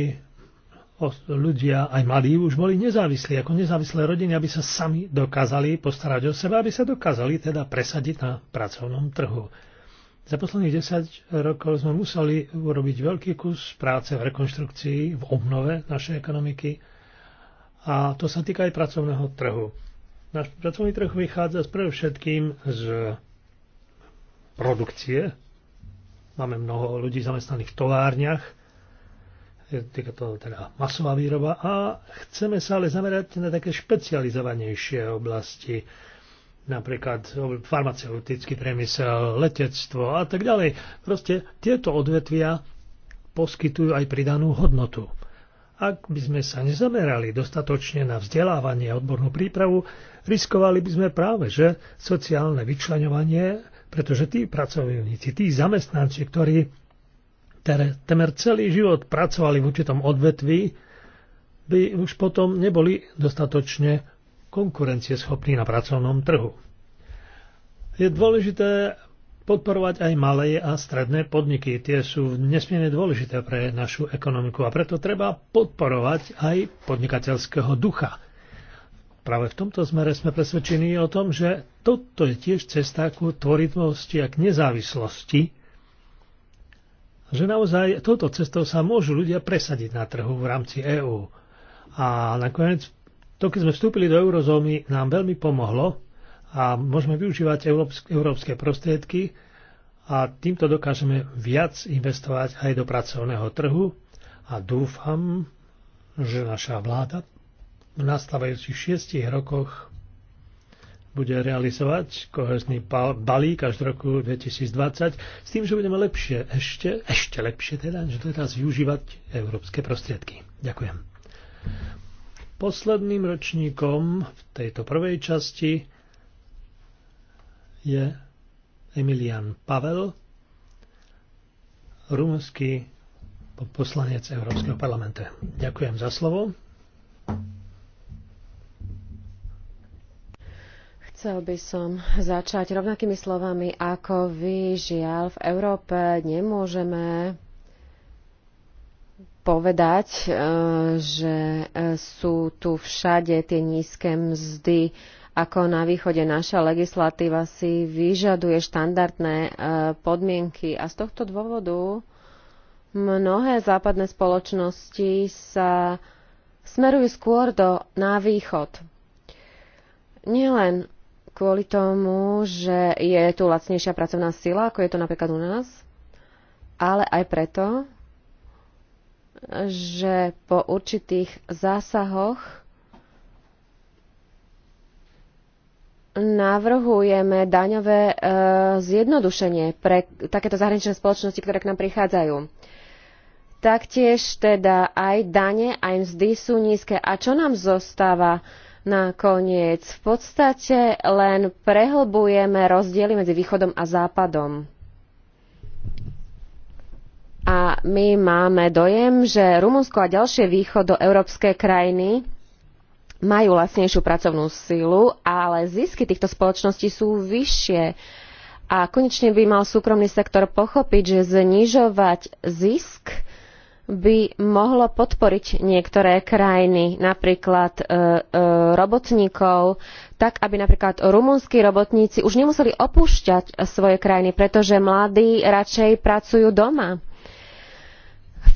ľudia, aj malí, už boli nezávislí, ako nezávislé rodiny, aby sa sami dokázali postarať o seba, aby sa dokázali teda presadiť na pracovnom trhu. Za posledných 10 rokov sme museli urobiť veľký kus práce v rekonštrukcii, v obnove našej ekonomiky a to sa týka aj pracovného trhu. Náš pracovný trh vychádza predovšetkým z produkcie. Máme mnoho ľudí zamestnaných v továrniach, týka to teda masová výroba a chceme sa ale zamerať na také špecializovanejšie oblasti, napríklad farmaceutický priemysel, letectvo a tak ďalej. Proste tieto odvetvia poskytujú aj pridanú hodnotu. Ak by sme sa nezamerali dostatočne na vzdelávanie a odbornú prípravu, riskovali by sme práve, že sociálne vyčlenovanie pretože tí pracovníci, tí zamestnanci, ktorí temer celý život pracovali v určitom odvetví, by už potom neboli dostatočne konkurencieschopní na pracovnom trhu. Je dôležité podporovať aj malé a stredné podniky. Tie sú nesmierne dôležité pre našu ekonomiku a preto treba podporovať aj podnikateľského ducha Práve v tomto zmere sme presvedčení o tom, že toto je tiež cesta ku tvoritvosti a k nezávislosti, že naozaj touto cestou sa môžu ľudia presadiť na trhu v rámci EÚ. A nakoniec to, keď sme vstúpili do eurozóny, nám veľmi pomohlo a môžeme využívať európske prostriedky a týmto dokážeme viac investovať aj do pracovného trhu a dúfam, že naša vláda v nastávajúcich šiestich rokoch bude realizovať kohezný balík až do roku 2020 s tým, že budeme lepšie, ešte, ešte lepšie teda, že teraz využívať európske prostriedky. Ďakujem. Posledným ročníkom v tejto prvej časti je Emilian Pavel, rumunský poslanec Európskeho parlamentu. Ďakujem za slovo. Chcel by som začať rovnakými slovami ako vy. Žiaľ, v Európe nemôžeme povedať, e, že e, sú tu všade tie nízke mzdy ako na východe naša legislatíva si vyžaduje štandardné e, podmienky a z tohto dôvodu mnohé západné spoločnosti sa smerujú skôr do, na východ. Nielen kvôli tomu, že je tu lacnejšia pracovná sila, ako je to napríklad u nás, ale aj preto, že po určitých zásahoch navrhujeme daňové e, zjednodušenie pre takéto zahraničné spoločnosti, ktoré k nám prichádzajú. Taktiež teda aj dane, aj mzdy sú nízke. A čo nám zostáva? E, Nakoniec v podstate len prehlbujeme rozdiely medzi východom a západom. A my máme dojem, že Rumunsko a ďalšie východoeurópske krajiny majú lacnejšiu pracovnú silu, ale zisky týchto spoločností sú vyššie. A konečne by mal súkromný sektor pochopiť, že znižovať zisk by mohlo podporiť niektoré krajiny, napríklad e, e, robotníkov, tak aby napríklad rumunskí robotníci už nemuseli opúšťať svoje krajiny, pretože mladí radšej pracujú doma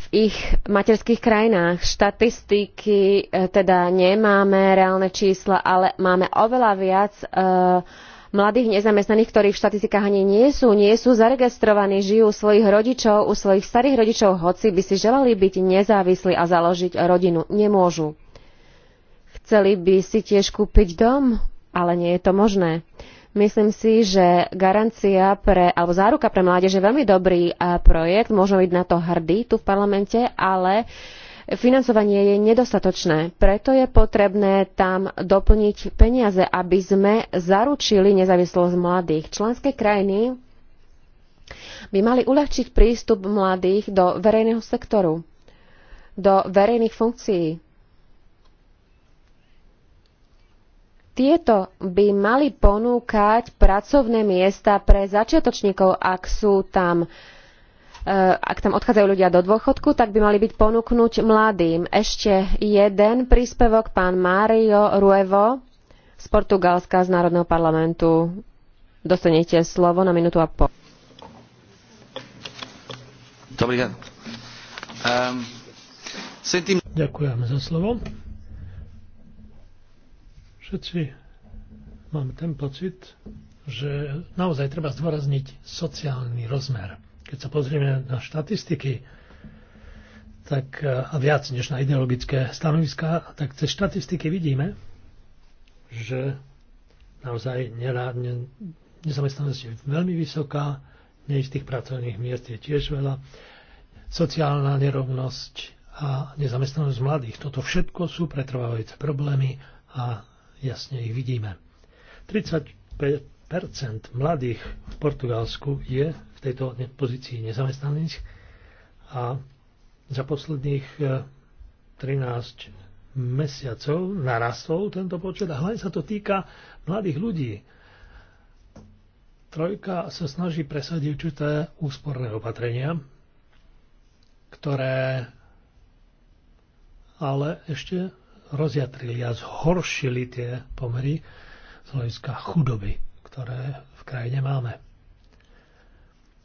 v ich materských krajinách. Štatistiky e, teda nemáme, reálne čísla, ale máme oveľa viac e, mladých nezamestnaných, ktorí v štatistikách ani nie sú, nie sú zaregistrovaní, žijú u svojich rodičov, u svojich starých rodičov, hoci by si želali byť nezávislí a založiť rodinu. Nemôžu. Chceli by si tiež kúpiť dom, ale nie je to možné. Myslím si, že garancia pre, alebo záruka pre mládež je veľmi dobrý projekt, môžeme byť na to hrdí tu v parlamente, ale uh, financovanie je nedostatočné. Preto je potrebné tam doplniť peniaze, aby sme zaručili nezávislosť mladých. Členské krajiny by mali uľahčiť prístup mladých do verejného sektoru, do verejných funkcií. Tieto by mali ponúkať pracovné miesta pre začiatočníkov, ak sú tam uh, Eh, ak tam odchádzajú ľudia do dôchodku, tak by mali byť ponúknuť mladým. Ešte jeden príspevok, pán Mário Ruevo z Portugalska z Národného parlamentu. Dostanete slovo na minútu a pol. Ďakujem za slovo. Všetci mám ten pocit, že naozaj treba zdôrazniť sociálny rozmer keď sa pozrieme na štatistiky tak, e, a viac než na ideologické stanoviská, tak cez štatistiky vidíme, že naozaj nezamestnanosť je veľmi vysoká, neistých pracovných miest je tiež veľa, sociálna nerovnosť a nezamestnanosť mladých. Toto všetko sú pretrvávajúce problémy a jasne ich vidíme. 35 mladých v Portugalsku je tejto pozícii nezamestnaných a za posledných 13 e, mesiacov narastol tento počet a hlavne sa to týka mladých ľudí. Trojka sa snaží presadiť určité úsporné opatrenia, ktoré ale ešte rozjatrili a zhoršili tie pomery z hľadiska chudoby, ktoré v krajine máme.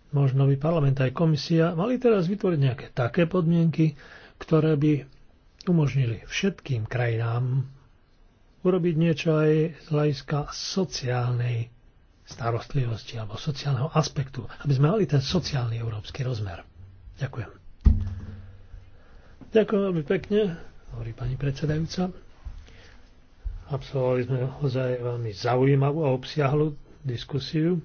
Možno by parlament aj komisia mali teraz vytvoriť nejaké také podmienky, ktoré by umožnili všetkým krajinám urobiť niečo aj z hľadiska sociálnej starostlivosti alebo sociálneho aspektu, aby sme mali ten sociálny európsky rozmer. Ďakujem. Ďakujem veľmi pekne, hovorí pani predsedajúca. Absolvovali sme naozaj veľmi zaujímavú a obsiahlu diskusiu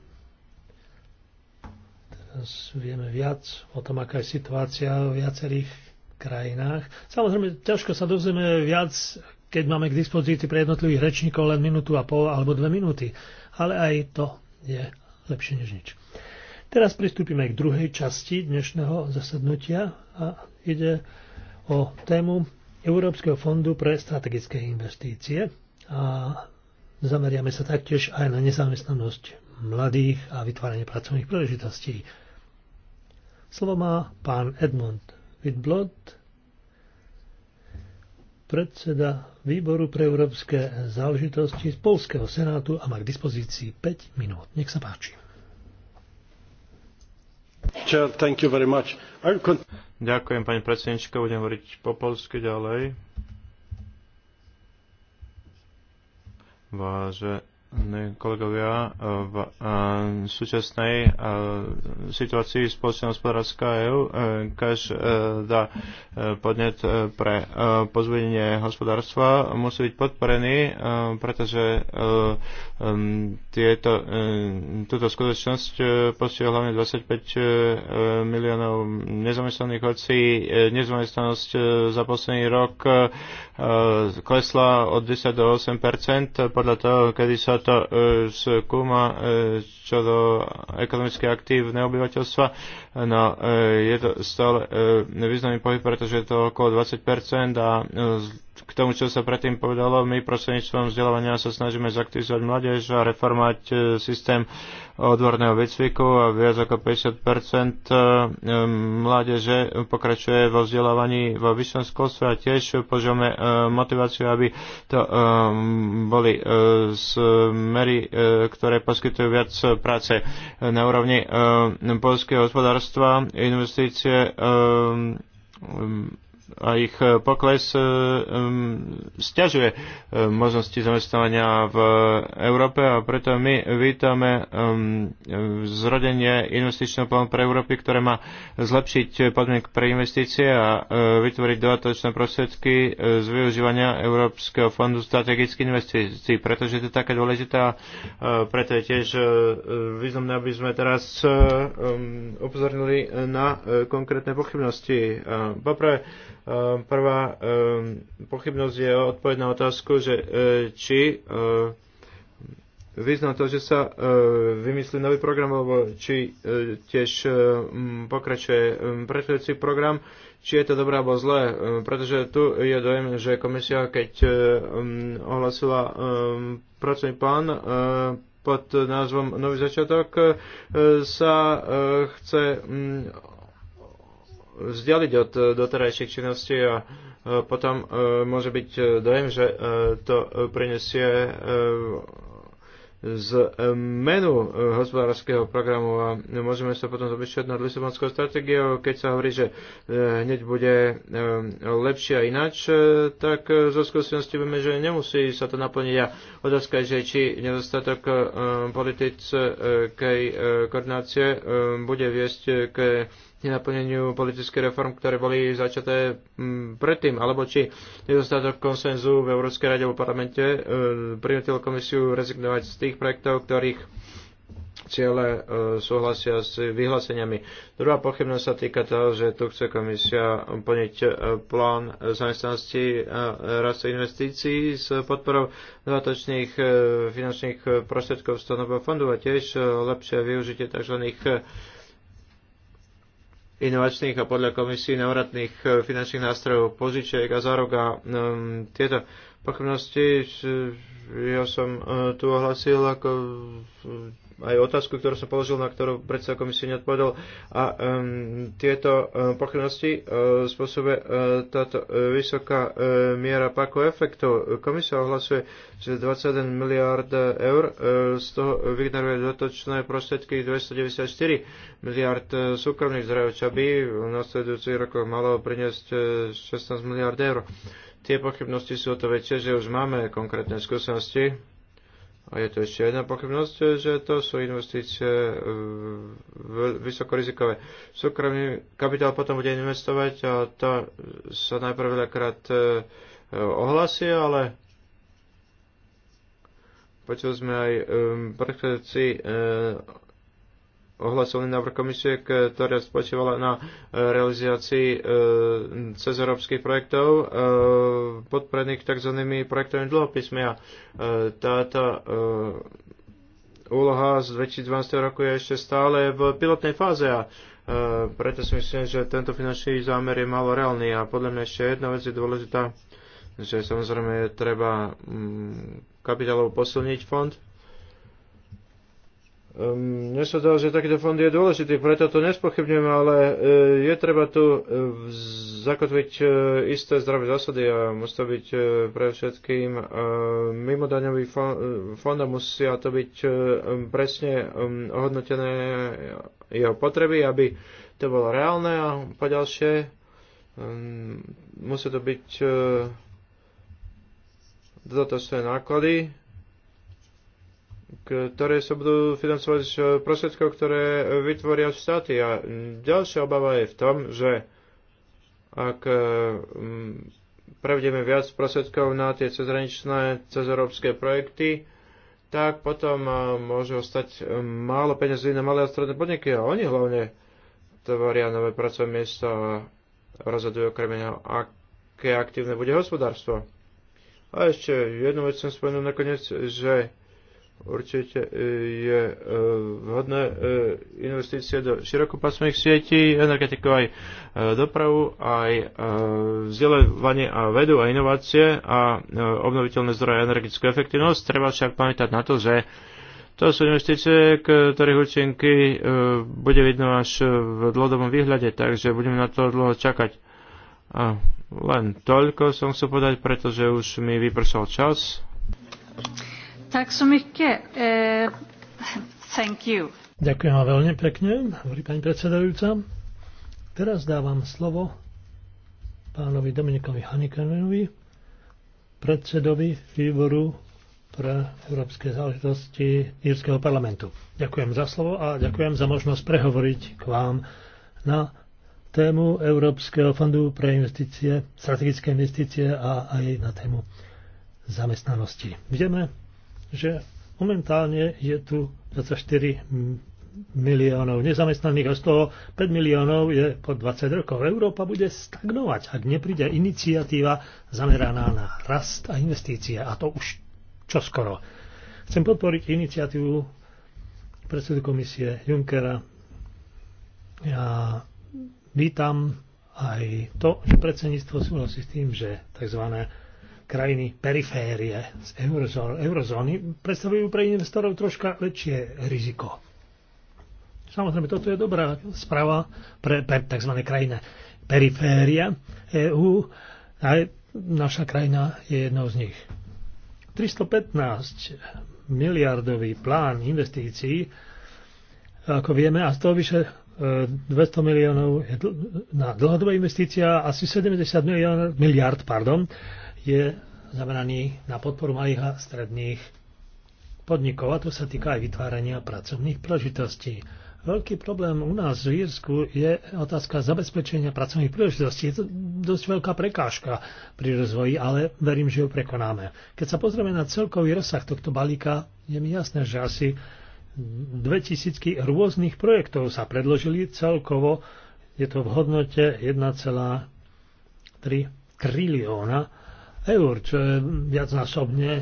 vieme viac o tom, aká je situácia v viacerých krajinách. Samozrejme, ťažko sa dozvieme viac, keď máme k dispozícii pre jednotlivých rečníkov len minútu a pol alebo dve minúty. Ale aj to je lepšie než nič. Teraz pristúpime k druhej časti dnešného zasadnutia a ide o tému Európskeho fondu pre strategické investície a zameriame sa taktiež aj na nezamestnanosť mladých a vytváranie pracovných príležitostí. Slovo má pán Edmund Whitblod, predseda výboru pre európske záležitosti z Polského senátu a má k dispozícii 5 minút. Nech sa páči. Ďakujem, pani predsednička. Budem hovoriť po polsky ďalej. Váže, kolegovia, e, v e, súčasnej e, situácii hospodárska EU každá podnet pre pozvedenie hospodárstva musí byť podporený, pretože tieto, túto skutočnosť postihuje hlavne 25 miliónov nezamestnaných, hoci nezamestnanosť za posledný rok klesla od 10 do 8 podľa toho, kedy sa to e, skúma e, čo do ekonomicky aktívneho obyvateľstva. No, e, je to stále nevýznamný pohyb, pretože je to okolo 20% a k tomu, čo sa predtým povedalo, my prostredníctvom vzdelávania sa snažíme zaktivizovať mládež a reformovať e, systém odborného výcviku a viac ako 50 e, mládeže pokračuje vo vzdelávaní vo vyššom školstve a tiež požiame e, motiváciu, aby to boli smery, ktoré poskytujú viac práce na úrovni polského hospodárstva, investície a ich e, pokles e, stiažuje e, možnosti zamestnávania v Európe a preto my vítame zrodenie investičného plánu pre Európy, ktoré má zlepšiť podmienky pre investície a vytvoriť dodatočné prostriedky z využívania Európskeho fondu strategických investícií, pretože to je také dôležité a preto je tiež významné, aby sme teraz upozornili na konkrétne pochybnosti. Poprvé, Ehm, prvá ehm, pochybnosť je odpoveď na otázku, že e, či e, význam to, že sa e, vymyslí nový program, alebo či tiež pokračuje predchádzajúci program, či je to dobré alebo zlé, pretože tu je dojem, že komisia, keď ohlasila pracovný plán pod názvom Nový začiatok, sa chce vzdialiť od e, doterajších činností a e, potom e, môže byť dojem, že to prinesie z menu hospodárskeho programu a môžeme sa potom zamýšľať nad Lisabonskou stratégiou, keď sa hovorí, že hneď bude lepšie a ináč, tak zo skúsenosti vieme, že nemusí sa to naplniť a otázka je, že či nedostatok politickej koordinácie bude viesť k nenaplneniu politických reform, ktoré boli začaté mm, predtým, alebo či nedostatok konsenzu v Európskej rade alebo parlamente e, prinútil komisiu rezignovať z tých projektov, ktorých ciele e, súhlasia s vyhláseniami. Druhá pochybnosť sa týka toho, že tu chce komisia plniť e, plán zamestnanosti a rastu investícií s podporou dodatočných e, finančných prostriedkov z toho fondu a tiež e, lepšie využitie tzv. E, inovačných a podľa komisí nevratných e, finančných nástrojov, požičiek a zárok a um, tieto pochybnosti ja som uh, tu ohlasil ako aj otázku, ktorú som položil, na ktorú predseda komisie neodpovedal. A um, tieto um, pochybnosti uh, e, spôsobuje uh, e, táto uh, vysoká uh, miera paku efektov. Komisia ohlasuje, že 21 miliard eur, uh, z toho vygeneruje dotočné prostriedky 294 miliard uh, súkromných zdrojov, čo by v nasledujúcich rokoch malo priniesť uh, 16 miliard eur. Tie pochybnosti sú o to väčšie, že už máme konkrétne skúsenosti a je to ešte jedna pochybnosť, že to sú investície eh, vysokorizikové. Súkromný kapitál potom bude investovať a to sa najprv veľakrát eh, ohlasí, ale počuli sme aj um, predchádzajúci ohlasovný návrh komisie, ktorá spočívala na e, realizácii e, cez európskych projektov e, podporených tzv. projektovými dlhopismi. A táto úloha z 2012 roku je ešte stále v pilotnej fáze a preto si myslím, že tento finančný zámer je malo reálny a podľa mňa ešte jedna vec je dôležitá, že samozrejme treba mm, kapitálov posilniť fond Ehm, mne sa dá, že takýto fond je dôležitý, preto to nespochybňujem, ale e, je treba tu e, zakotviť e, isté zdravé zásady a musí to byť uh, pre všetkým uh, mimodaňový fond, fond musia to byť presne ohodnotené jeho potreby, aby to bolo reálne a poďalšie um, musí to byť uh, dodatočné náklady ktoré sa budú financovať z prostriedkov, ktoré vytvoria štáty. A ďalšia obava je v tom, že ak e, prevedieme viac prostriedkov na tie cezhraničné, cezeurópske projekty, tak potom e, môže ostať e, málo peňazí na malé a stredné podniky a oni hlavne tvoria nové pracovné miesta a rozhodujú okrem iného, aké aktívne bude hospodárstvo. A ešte jednu vec som spomenul nakoniec, že Určite e, je e, vhodné e, investície do širokopásmových sietí, energetiku aj dopravu, aj vzdelávanie a vedu a inovácie a obnoviteľné zdroje a energetickú efektivnosť. Treba však pamätať na to, že to sú investície, ktorých účinky bude vidno až v dlhodobom výhľade, takže budeme na to dlho čakať. A len toľko som chcel povedať, pretože už mi vypršal čas. Tak so e, thank you. Ďakujem vám veľmi pekne, hovorí pani predsedajúca. Teraz dávam slovo pánovi Dominikovi Hanikanovi, predsedovi výboru pre európske záležitosti Írskeho parlamentu. Ďakujem za slovo a ďakujem za možnosť prehovoriť k vám na tému Európskeho fondu pre investície, strategické investície a aj na tému zamestnanosti. Vieme, že momentálne je tu 24 miliónov nezamestnaných a z toho 5 miliónov je po 20 rokov. Európa bude stagnovať, ak nepríde iniciatíva zameraná na rast a investície, a to už čoskoro. Chcem podporiť iniciatívu predsedu komisie Junckera. Ja vítam aj to, že predsedníctvo súhlasí s tým, že tzv krajiny periférie z eurozóny, eurozóny predstavujú pre investorov troška väčšie riziko. Samozrejme, toto je dobrá správa pre, pre tzv. krajina periféria e EÚ. Aj naša krajina je jednou z nich. 315 miliardový plán investícií, ako vieme, a z toho vyše 200 e, miliónov je na dlhodobé investícia, asi 70 miliard, miliard pardon, je zameraný na podporu malých a stredných podnikov a to sa týka aj vytvárania pracovných príležitostí. Veľký problém u nás v Írsku je otázka zabezpečenia pracovných príležitostí. Je to dosť veľká prekážka pri rozvoji, ale verím, že ju prekonáme. Keď sa pozrieme na celkový rozsah tohto balíka, je mi jasné, že asi 2000 rôznych projektov sa predložili celkovo. Je to v hodnote 1,3 trilióna eur, čo eh, je viacnásobne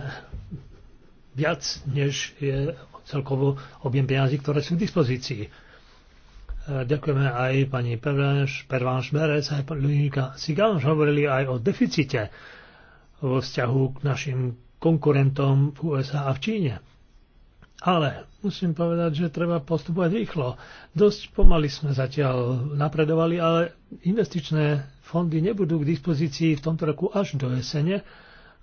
viac, než je celkovo objem peniazí, ktoré sú k dispozícii. Eh, ďakujeme aj pani Pervanš, Pervanš Berec a Lunika že hovorili aj o deficite vo vzťahu k našim konkurentom v USA a v Číne. Ale musím povedať, že treba postupovať rýchlo. Dosť pomaly sme zatiaľ napredovali, ale investičné fondy nebudú k dispozícii v tomto roku až do jesene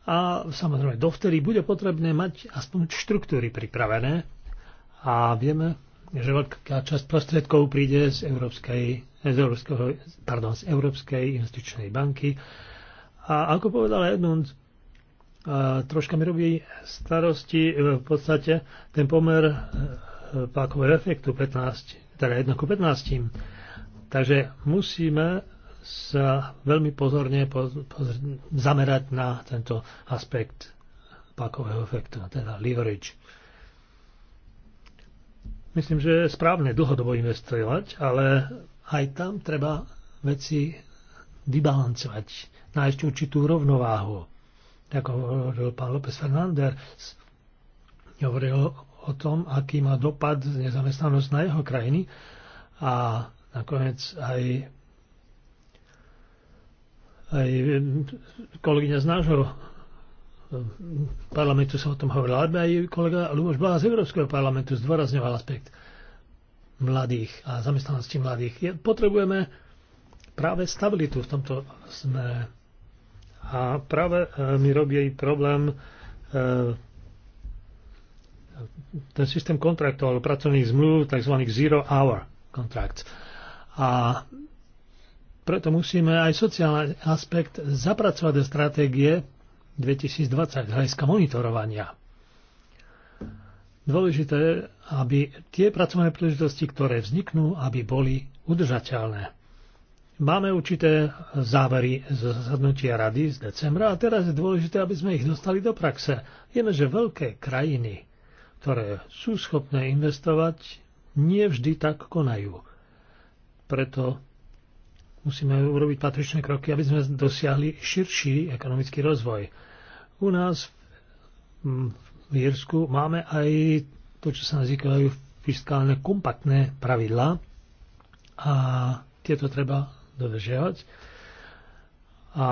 a samozrejme dovtedy bude potrebné mať aspoň štruktúry pripravené a vieme, že veľká časť prostriedkov príde z Európskej, z, Európskeho, pardon, z Európskej investičnej banky a ako povedal, Edmund, e, troška mi robí starosti e, v podstate ten pomer e, pákového efektu 15, teda 1 15. Takže musíme sa veľmi pozorne zamerať na tento aspekt pakového efektu, teda leverage. Myslím, že je správne dlhodobo investovať, ale aj tam treba veci vybalancovať, nájsť určitú rovnováhu. Ako hovoril pán López Fernández, hovoril o tom, aký má dopad nezamestnanosť na jeho krajiny a nakoniec aj aj kolegyňa z nášho parlamentu sa o tom hovorila, ale aj kolega Luboš Blaha z Európskeho parlamentu zdôrazňoval aspekt mladých a zamestnanosti mladých. potrebujeme práve stabilitu v tomto smere. A práve e, mi robí problém e, ten systém kontraktov alebo pracovných zmluv, tzv. zero hour contracts. A preto musíme aj sociálny aspekt zapracovať do stratégie 2020 z hľadiska monitorovania. Dôležité je, aby tie pracovné príležitosti, ktoré vzniknú, aby boli udržateľné. Máme určité závery z zasadnutia rady z decembra a teraz je dôležité, aby sme ich dostali do praxe. Vieme, že veľké krajiny, ktoré sú schopné investovať, nie vždy tak konajú. Preto musíme urobiť patričné kroky, aby sme dosiahli širší ekonomický rozvoj. U nás v Jirsku máme aj to, čo sa nazývajú fiskálne kompaktné pravidlá a tieto treba dodržiavať. A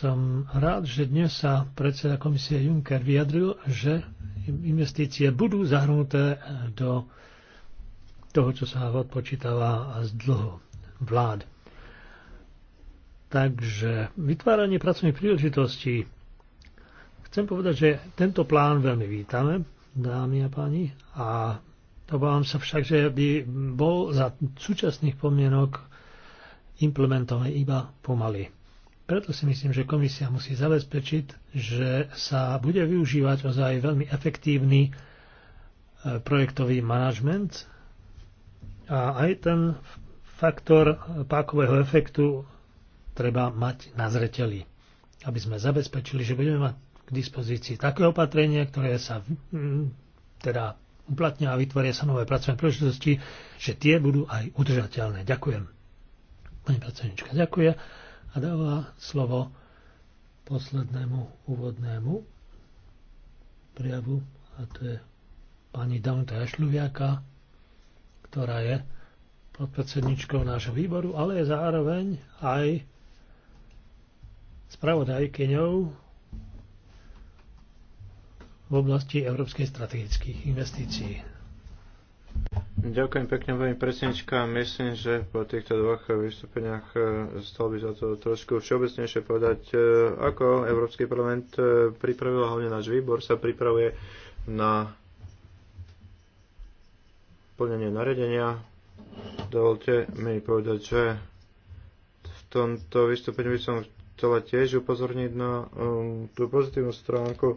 som rád, že dnes sa predseda komisie Juncker vyjadril, že investície budú zahrnuté do toho, čo sa odpočítava z dlhu vlád. Takže vytváranie pracovných príležitostí. Chcem povedať, že tento plán veľmi vítame, dámy a páni, a vám sa však, že by bol za súčasných pomienok implementovaný iba pomaly. Preto si myslím, že komisia musí zabezpečiť, že sa bude využívať ozaj veľmi efektívny e, projektový manažment a aj ten faktor pákového efektu treba mať na zreteli, aby sme zabezpečili, že budeme mať k dispozícii také opatrenie, ktoré sa mm, teda uplatňa a vytvoria sa nové pracovné príležitosti, že tie budú aj udržateľné. Ďakujem. Pani predsednička ďakuje a dáva slovo poslednému úvodnému prejavu a to je pani Danuta Jašľuviaka, ktorá je podpredsedničkou nášho výboru, ale je zároveň aj spravodajkyňou v oblasti európskej strategických investícií. Ďakujem pekne, pani predsednička. Myslím, že po týchto dvoch vystúpeniach e, stalo by za to trošku všeobecnejšie povedať, e, ako Európsky parlament e, pripravil, hlavne náš výbor sa pripravuje na plnenie naredenia Dovolte mi povedať, že v tomto vystúpení by som chcela tiež upozorniť na um, tú pozitívnu stránku e,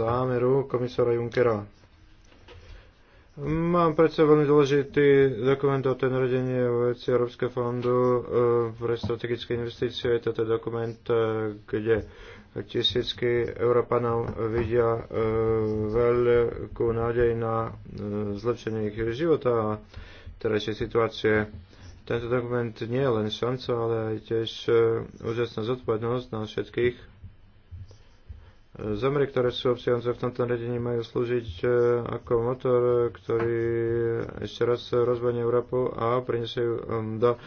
zámeru komisára Junckera. Mám predsa veľmi dôležitý dokument o ten radenie veci Európskeho fondu e, pre strategické investície. Je to dokument, e, kde tisícky Európanov vidia e, veľkú nádej na e, zlepšenie ich života a terajšej situácie. Tento dokument nie je len šanca, ale aj tiež e, úžasná zodpovednosť na všetkých. Zomry, ktoré sú obsiahnuté v tomto nariadení, majú slúžiť ako motor, ktorý ešte raz rozbehne Európu a prinesie ju do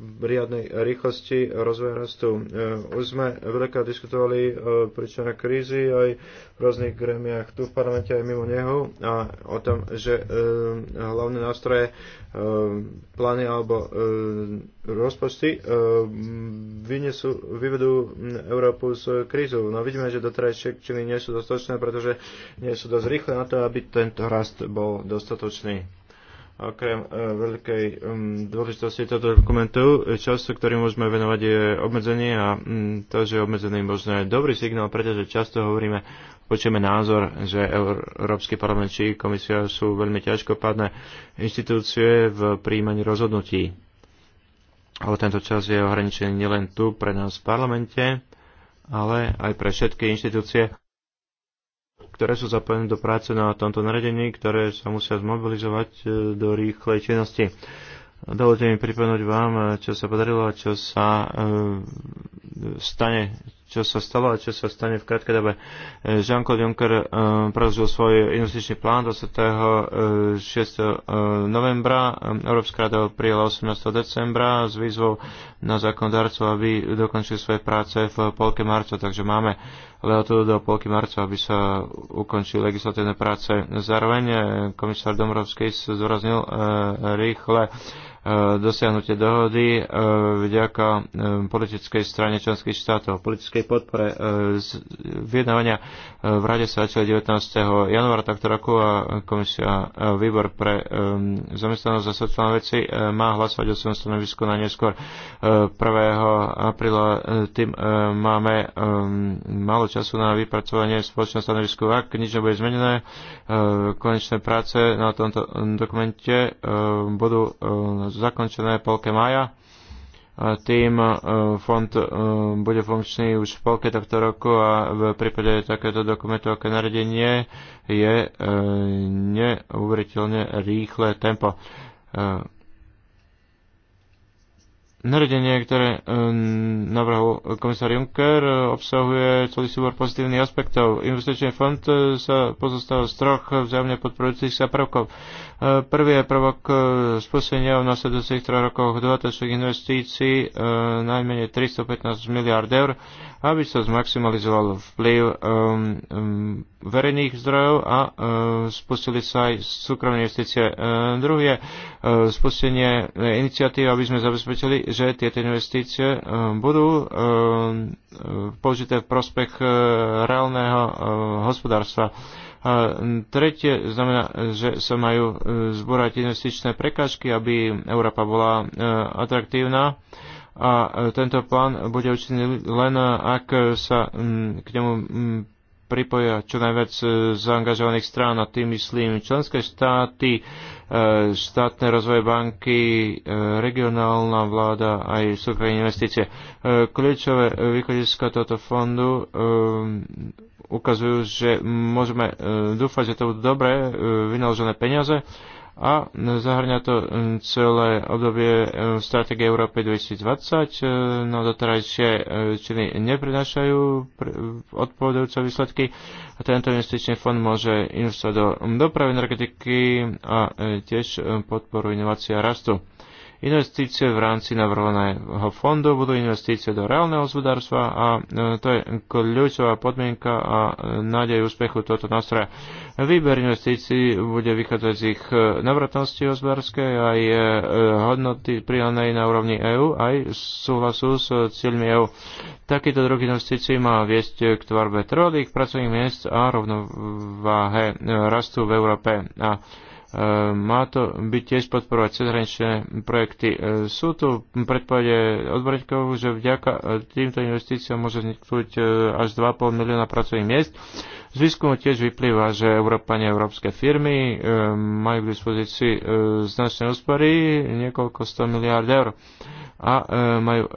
riadnej rýchlosti rozvoja rastu. Už sme veľká diskutovali o príčinách krízy aj v rôznych gremiách tu v parlamente aj mimo neho a o tom, že e, hlavné nástroje e, plány alebo e, rozpočty vynesú, vyvedú Európu z krízu. No vidíme, že doterajšie činy nie sú dostatočné, pretože nie sú dosť rýchle na to, aby tento rast bol dostatočný. Okrem e, veľkej dôležitosti tohto dokumentu, čas, ktorý môžeme venovať, je obmedzenie a to, že je obmedzený, možno je dobrý signál, pretože často hovoríme, počujeme názor, že Európsky parlament či komisia sú veľmi ťažkopádne inštitúcie v príjmaní rozhodnutí. Ale tento čas je ohraničený nielen tu pre nás v parlamente, ale aj pre všetky inštitúcie ktoré sú zapojené do práce na tomto naredení, ktoré sa musia zmobilizovať e, do rýchlej činnosti. Dovolte mi pripomenúť vám, e, čo sa podarilo a čo sa e, stane čo sa stalo a čo sa stane v krátkej dobe. Jean-Claude Juncker eh, predložil svoj investičný plán 26. Eh, eh, novembra, Európska rada prijela 18. decembra s výzvou na zákonodárcov, aby dokončili svoje práce v polke marca, takže máme lehotu do polky marca, aby sa ukončili legislatívne práce. Zároveň komisár Domrovský zdôraznil rýchle E, dosiahnutie dohody e, vďaka e, politickej strane členských štátov, politickej podpore vyjednávania v Rade sa začali 19. januára takto roku a komisia výbor pre zamestnanosť a sociálne veci má hlasovať o svojom stanovisku na neskôr 1. apríla. Tým máme málo času na vypracovanie spoločného stanovisku. Ak nič nebude zmenené, konečné práce na tomto dokumente budú zakončené v polke maja. Tým e, fond e, bude funkčný už v polke tohto roku a v prípade takéto dokumentu aké naredenie je e, neuveriteľne rýchle tempo Nariadenie, ktoré e, navrhol komisár Juncker, e, obsahuje celý súbor pozitívnych aspektov. Investičný fond e, sa pozostáva z troch vzájomne podporujúcich sa prvkov. Prvý je prvok spôsobenia v nasledujúcich troch rokoch dodatočných investícií najmenej 315 miliard eur, aby sa zmaximalizoval vplyv verejných zdrojov a e, spustili sa aj súkromné investície. E, druhé, e, spustenie iniciatív, aby sme zabezpečili, že tieto investície budú použité v prospech reálneho hospodárstva. A tretie znamená, že sa majú zbúrať investičné prekážky, aby Európa bola atraktívna a tento plán bude určený len, ak sa k nemu pripoja čo najviac e, zaangažovaných strán, a tým myslím členské štáty, e, štátne rozvoje banky, e, regionálna vláda aj súkromné investície. Kľúčové východiska tohto fondu ukazujú, že môžeme dúfať, že to budú dobre vynaložené peniaze a zahrňa to hm, celé obdobie hm, stratégie Európy 2020, hm, no doterajšie činy neprinašajú odpovedajúce výsledky a tento investičný fond môže investovať do dopravy, energetiky a tiež podporu inovácie a rastu. Investície v rámci navrhovaného fondu budú investície do reálneho hospodárstva a e, to je kľúčová podmienka a e, nádej úspechu tohto nástroja. Výber investícií bude vychádzať z ich e, navratnosti hospodárskej aj hodnoty prijanej na úrovni EÚ aj súhlasu s cieľmi EÚ. Takýto druh investícií má viesť k tvorbe trvalých pracovných miest a rovnováhe rastu v Európe. A Ehm, má to byť tiež podporovať cezhraničné projekty. Ehm, sú tu predpovede odborníkov, že vďaka e, týmto investíciám môže vzniknúť e, až 2,5 milióna pracovných miest. Z výskumu tiež vyplýva, že Európania európske firmy ehm, majú k dispozícii e, značné úspory, niekoľko 100 miliárd eur a e, majú e,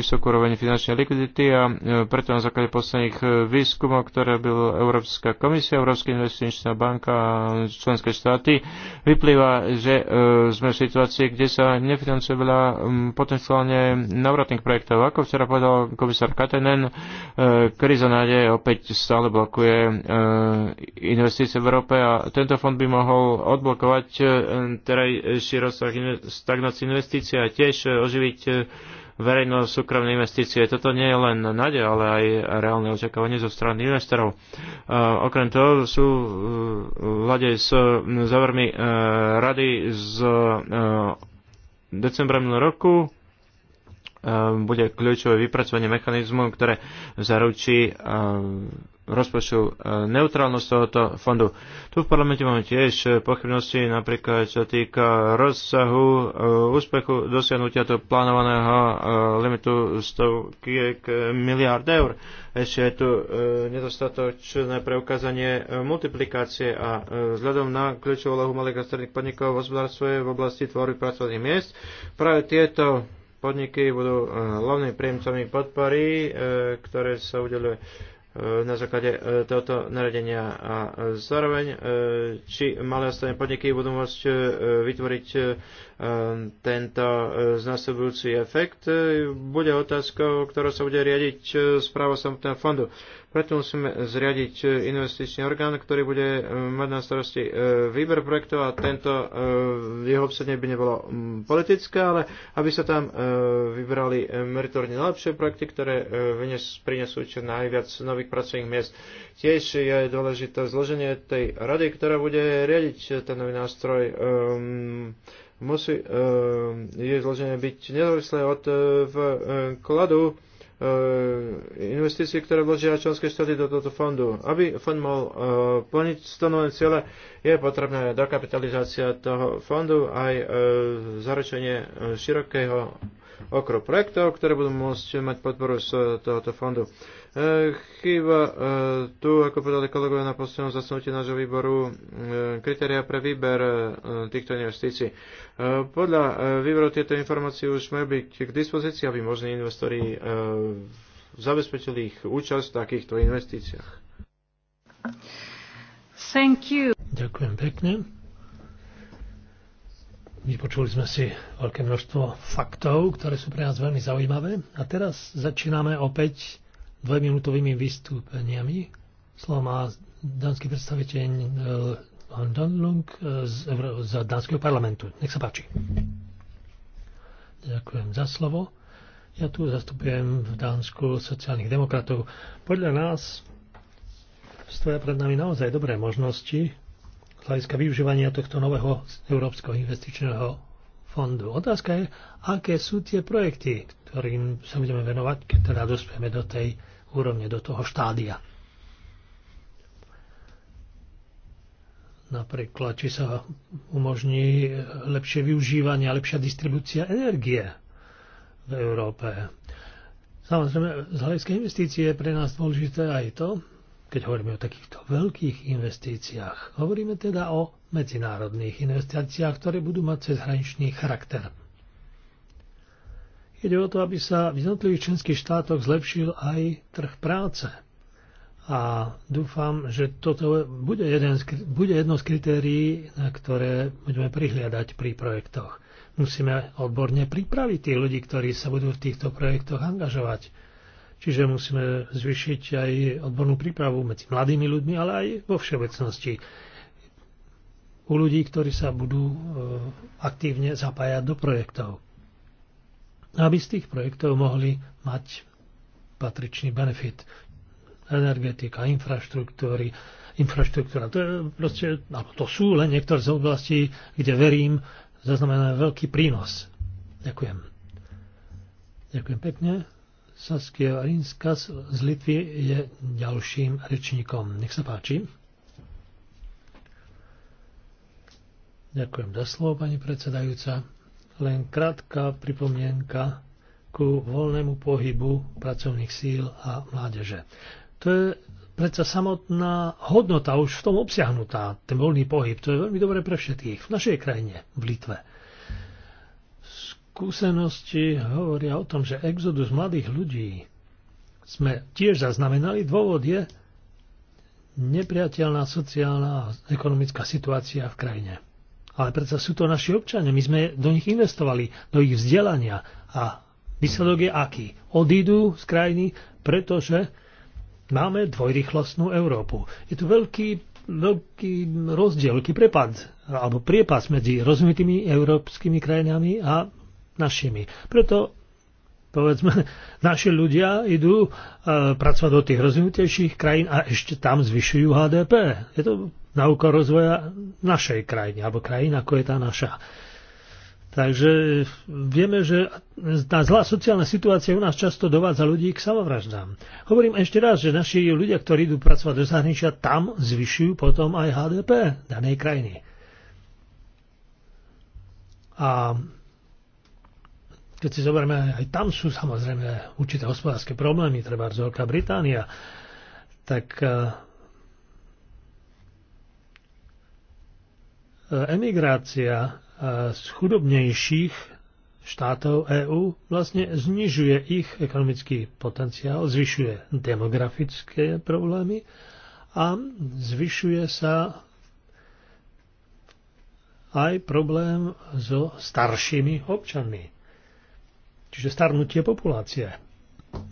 vysokú úroveň finančnej likvidity a e, preto na základe posledných výskumov, ktoré byl Európska komisia, Európska investičná banka a členské štáty, vyplýva, že sme v situácii, kde sa nefinancuje veľa potenciálne návratných projektov. Ako včera povedal komisár Katenen, kríza nádeje opäť stále blokuje investície v Európe a tento fond by mohol odblokovať terajší rozsah stagnácie investícií a tiež oživiť e, verejno-súkromné investície. Toto nie je len nádej, ale aj reálne očakávanie zo strany investorov. E, okrem toho sú e, vlade s závermi rady z decembra minulého roku bude kľúčové vypracovanie mechanizmu, ktoré zaručí rozpočtu e, neutrálnosť tohoto fondu. Tu v parlamente máme tiež e, pochybnosti, napríklad čo týka rozsahu e, úspechu dosiahnutia toho plánovaného limitu stovky miliard eur. Ešte je tu nedostatočné preukázanie multiplikácie a vzhľadom na kľúčovú lohu malých a stredných podnikov v hospodárstve v oblasti tvorby pracovných miest. Práve tieto podniky budú hlavnými príjemcami podpory, ktoré sa udeluje E, na základe e, tohoto naredenia a e, zároveň, či malé a stredné podniky budú môcť vytvoriť tento znásobujúci efekt, bude otázkou, ktorá sa bude riadiť správa samotného fondu. Preto musíme zriadiť e, investičný orgán, ktorý bude e, mať na starosti e, výber projektov a tento jeho obsadenie by nebolo politické, ale aby sa tam vybrali meritorne najlepšie projekty, ktoré prinesú čo najviac nových pracovných miest. Tiež je dôležité zloženie tej rady, ktorá bude riadiť ten nový nástroj musí e, zloženie byť nezávislé od e, vkladu E, investície, ktoré vložia členské štáty do tohto fondu. Aby fond mohol e, plniť stanovené ciele, je potrebná dokapitalizácia toho fondu aj e, zaručenie širokého okruhu projektov, ktoré budú môcť mať podporu z tohoto fondu. E, Chýba e, tu, ako povedali kolegovia na poslednom zasnutí nášho výboru, e, kritéria pre výber týchto investícií. Podľa výboru tieto informácie už majú byť k dispozícii, aby možní investori zabezpečili ich účasť v takýchto investíciách. Thank you. Ďakujem pekne. Vypočuli sme si veľké množstvo faktov, ktoré sú pre nás veľmi zaujímavé. A teraz začíname opäť dvojminútovými vystúpeniami. Slovo má dánsky predstaviteľ Van eh, Donlung eh, z, z Dánskeho parlamentu. Nech sa páči. Ďakujem za slovo. Ja tu zastupujem v Dánsku sociálnych demokratov. Podľa nás stoja pred nami naozaj dobré možnosti z hľadiska využívania tohto nového Európskeho investičného fondu. Otázka je, aké sú tie projekty, ktorým sa budeme venovať, keď teda dospieme do tej úrovne, do toho štádia. Napríklad, či sa umožní lepšie využívanie a lepšia distribúcia energie v Európe. Samozrejme, z hľadiska investície je pre nás dôležité aj to, keď hovoríme o takýchto veľkých investíciách. Hovoríme teda o medzinárodných investíciách, ktoré budú mať cezhraničný charakter. Ide o to, aby sa v jednotlivých členských štátoch zlepšil aj trh práce. A dúfam, že toto bude, jeden bude jedno z kritérií, na ktoré budeme prihliadať pri projektoch. Musíme odborne pripraviť tých ľudí, ktorí sa budú v týchto projektoch angažovať. Čiže musíme zvyšiť aj odbornú prípravu medzi mladými ľuďmi, ale aj vo všeobecnosti u ľudí, ktorí sa budú e, aktívne zapájať do projektov. Aby z tých projektov mohli mať patričný benefit. Energetika, infraštruktúry, infraštruktúra. To, je proste, alebo to sú len niektoré z oblastí, kde verím, zaznamená veľký prínos. Ďakujem. Ďakujem pekne. Saskia Rinska z Litvy je ďalším rečníkom. Nech sa páči. Ďakujem za slovo, pani predsedajúca. Len krátka pripomienka ku voľnému pohybu pracovných síl a mládeže. To je predsa samotná hodnota už v tom obsiahnutá, ten voľný pohyb. To je veľmi dobré pre všetkých v našej krajine, v Litve. Skúsenosti hovoria o tom, že exodus mladých ľudí sme tiež zaznamenali. Dôvod je nepriateľná sociálna a ekonomická situácia v krajine ale predsa sú to naši občania. My sme do nich investovali, do ich vzdelania a výsledok je aký? Odídu z krajiny, pretože máme dvojrychlostnú Európu. Je tu veľký, veľký rozdiel, veľký prepad alebo priepas medzi rozvinutými európskymi krajinami a našimi. Preto povedzme, naši ľudia idú e, pracovať do tých rozvinutejších krajín a ešte tam zvyšujú HDP. Je to na úkor rozvoja našej krajiny, alebo krajina, ako je tá naša. Takže vieme, že tá zlá sociálna situácia u nás často dovádza ľudí k samovraždám. Hovorím ešte raz, že naši ľudia, ktorí idú pracovať do zahraničia, tam zvyšujú potom aj HDP danej krajiny. A keď si zoberieme, aj tam sú samozrejme určité hospodárske problémy, treba z Veľká Británia, tak eh, emigrácia eh, z chudobnejších štátov EÚ vlastne znižuje ich ekonomický potenciál, zvyšuje demografické problémy a zvyšuje sa aj problém so staršími občanmi. Čiže starnutie populácie.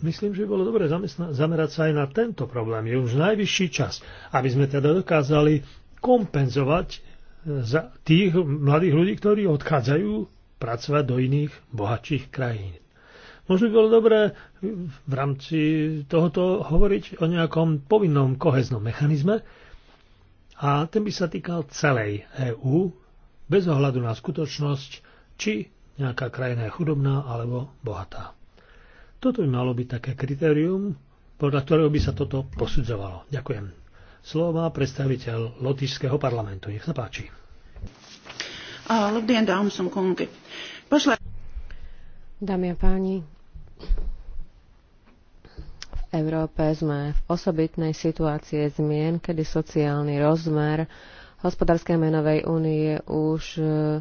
Myslím, že by bolo dobre zamerať sa aj na tento problém. Je už najvyšší čas, aby sme teda dokázali kompenzovať za tých mladých ľudí, ktorí odchádzajú pracovať do iných bohatších krajín. Možno by bolo dobré v rámci tohoto hovoriť o nejakom povinnom koheznom mechanizme a ten by sa týkal celej EÚ bez ohľadu na skutočnosť, či nejaká krajina je chudobná alebo bohatá. Toto by malo byť také kritérium, podľa ktorého by sa toto posudzovalo. Ďakujem. Slovo má predstaviteľ Lotyšského parlamentu. Nech sa páči. Dámy a páni, v Európe sme v osobitnej situácii zmien, kedy sociálny rozmer hospodárskej menovej únie už uh,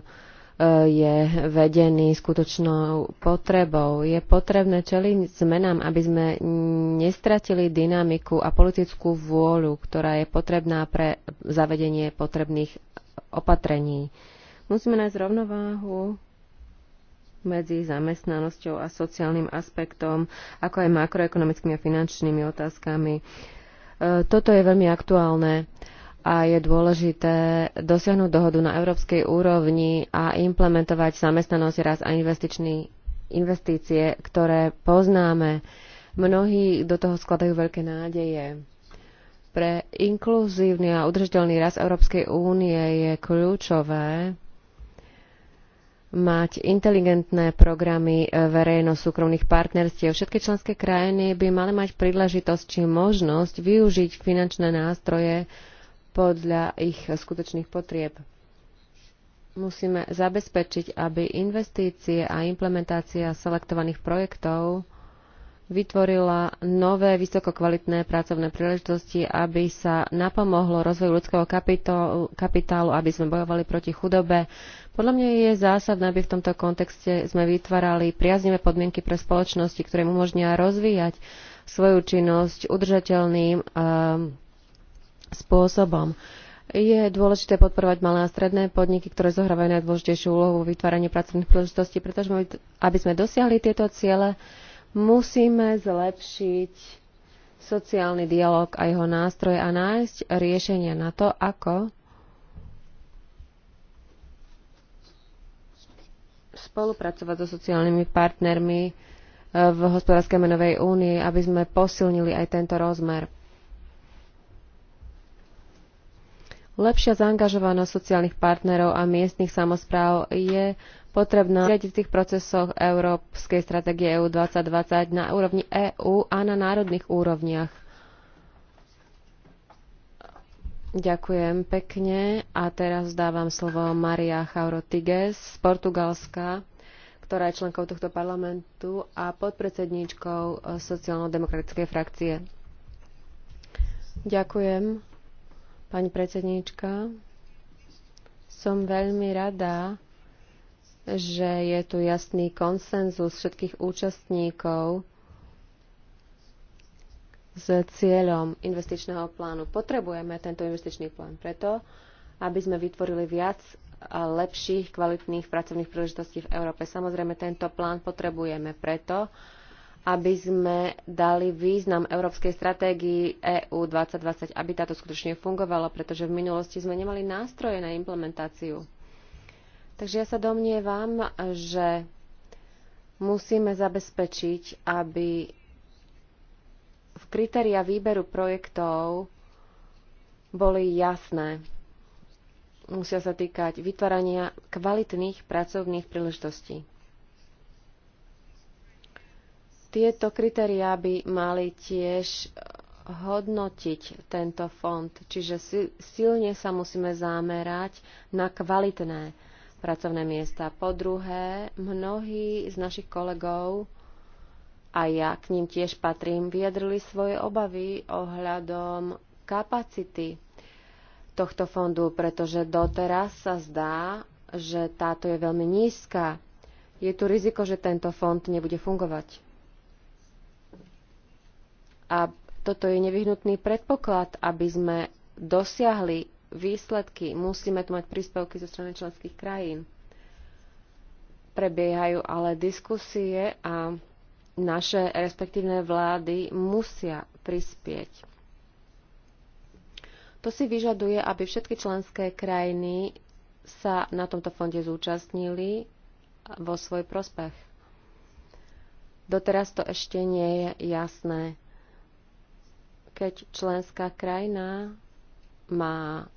je vedený skutočnou potrebou. Je potrebné čeliť zmenám, aby sme nestratili dynamiku a politickú vôľu, ktorá je potrebná pre zavedenie potrebných opatrení. Musíme nájsť rovnováhu medzi zamestnanosťou a sociálnym aspektom, ako aj makroekonomickými a finančnými otázkami. E, toto je veľmi aktuálne a je dôležité dosiahnuť dohodu na európskej úrovni a implementovať zamestnanosť raz a investičný, investície, ktoré poznáme. Mnohí do toho skladajú veľké nádeje. Pre inkluzívny a udržiteľný rast Európskej únie je kľúčové mať inteligentné programy e, verejno-súkromných partnerstiev. Všetky členské krajiny by mali mať príležitosť či možnosť využiť finančné nástroje, podľa ich skutočných potrieb. Musíme zabezpečiť, aby investície a implementácia selektovaných projektov vytvorila nové vysokokvalitné pracovné príležitosti, aby sa napomohlo rozvoju ľudského kapitálu, aby sme bojovali proti chudobe. Podľa mňa je zásadné, aby v tomto kontexte sme vytvárali priaznivé podmienky pre spoločnosti, ktoré im umožnia rozvíjať svoju činnosť udržateľným um, spôsobom. Je dôležité podporovať malé a stredné podniky, ktoré zohrávajú najdôležitejšiu úlohu vo vytváraní pracovných príležitostí, pretože aby sme dosiahli tieto ciele, musíme zlepšiť sociálny dialog a jeho nástroje a nájsť riešenia na to, ako spolupracovať so sociálnymi partnermi v hospodárskej menovej únii, aby sme posilnili aj tento rozmer. Lepšia zaangažovanosť sociálnych partnerov a miestnych samozpráv je potrebná v tých procesoch Európskej stratégie EU 2020 na úrovni EÚ a na národných úrovniach. Ďakujem pekne a teraz dávam slovo Maria Tiges z Portugalska, ktorá je členkou tohto parlamentu a podpredsedníčkou sociálno-demokratickej frakcie. Ďakujem. Pani predsedníčka, som veľmi rada, že je tu jasný konsenzus všetkých účastníkov s cieľom investičného plánu. Potrebujeme tento investičný plán preto, aby sme vytvorili viac a lepších, kvalitných pracovných príležitostí v Európe. Samozrejme, tento plán potrebujeme preto, aby sme dali význam európskej stratégii EU 2020, aby táto skutočne fungovala, pretože v minulosti sme nemali nástroje na implementáciu. Takže ja sa domnievam, že musíme zabezpečiť, aby v kritéria výberu projektov boli jasné. Musia sa týkať vytvárania kvalitných pracovných príležitostí. Tieto kritériá by mali tiež eh, hodnotiť tento fond, čiže silne sa musíme zamerať na kvalitné pracovné miesta. Po druhé, mnohí z našich kolegov, a ja k ním tiež patrím, vyjadrili svoje obavy ohľadom kapacity tohto fondu, pretože doteraz sa zdá, že táto je veľmi nízka. Je tu riziko, že tento fond nebude fungovať. A toto je nevyhnutný predpoklad, aby sme dosiahli výsledky. Musíme tu mať príspevky zo strany členských krajín. Prebiehajú ale diskusie a naše respektívne vlády musia prispieť. To si vyžaduje, aby všetky členské krajiny sa na tomto fonde zúčastnili vo svoj prospech. Doteraz to ešte nie je jasné keď členská krajina má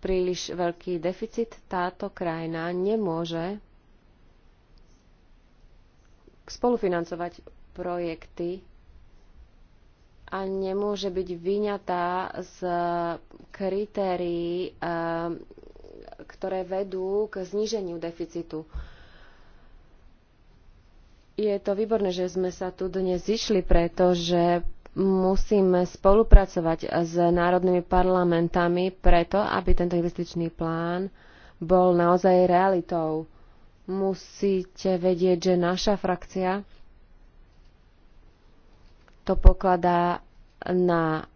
príliš veľký deficit, táto krajina nemôže spolufinancovať projekty a nemôže byť vyňatá z kritérií, eh, ktoré vedú k zníženiu deficitu. Je to výborné, že sme sa tu dnes zišli, pretože musíme spolupracovať s národnými parlamentami preto, aby tento investičný plán bol naozaj realitou. Musíte vedieť, že naša frakcia to pokladá na,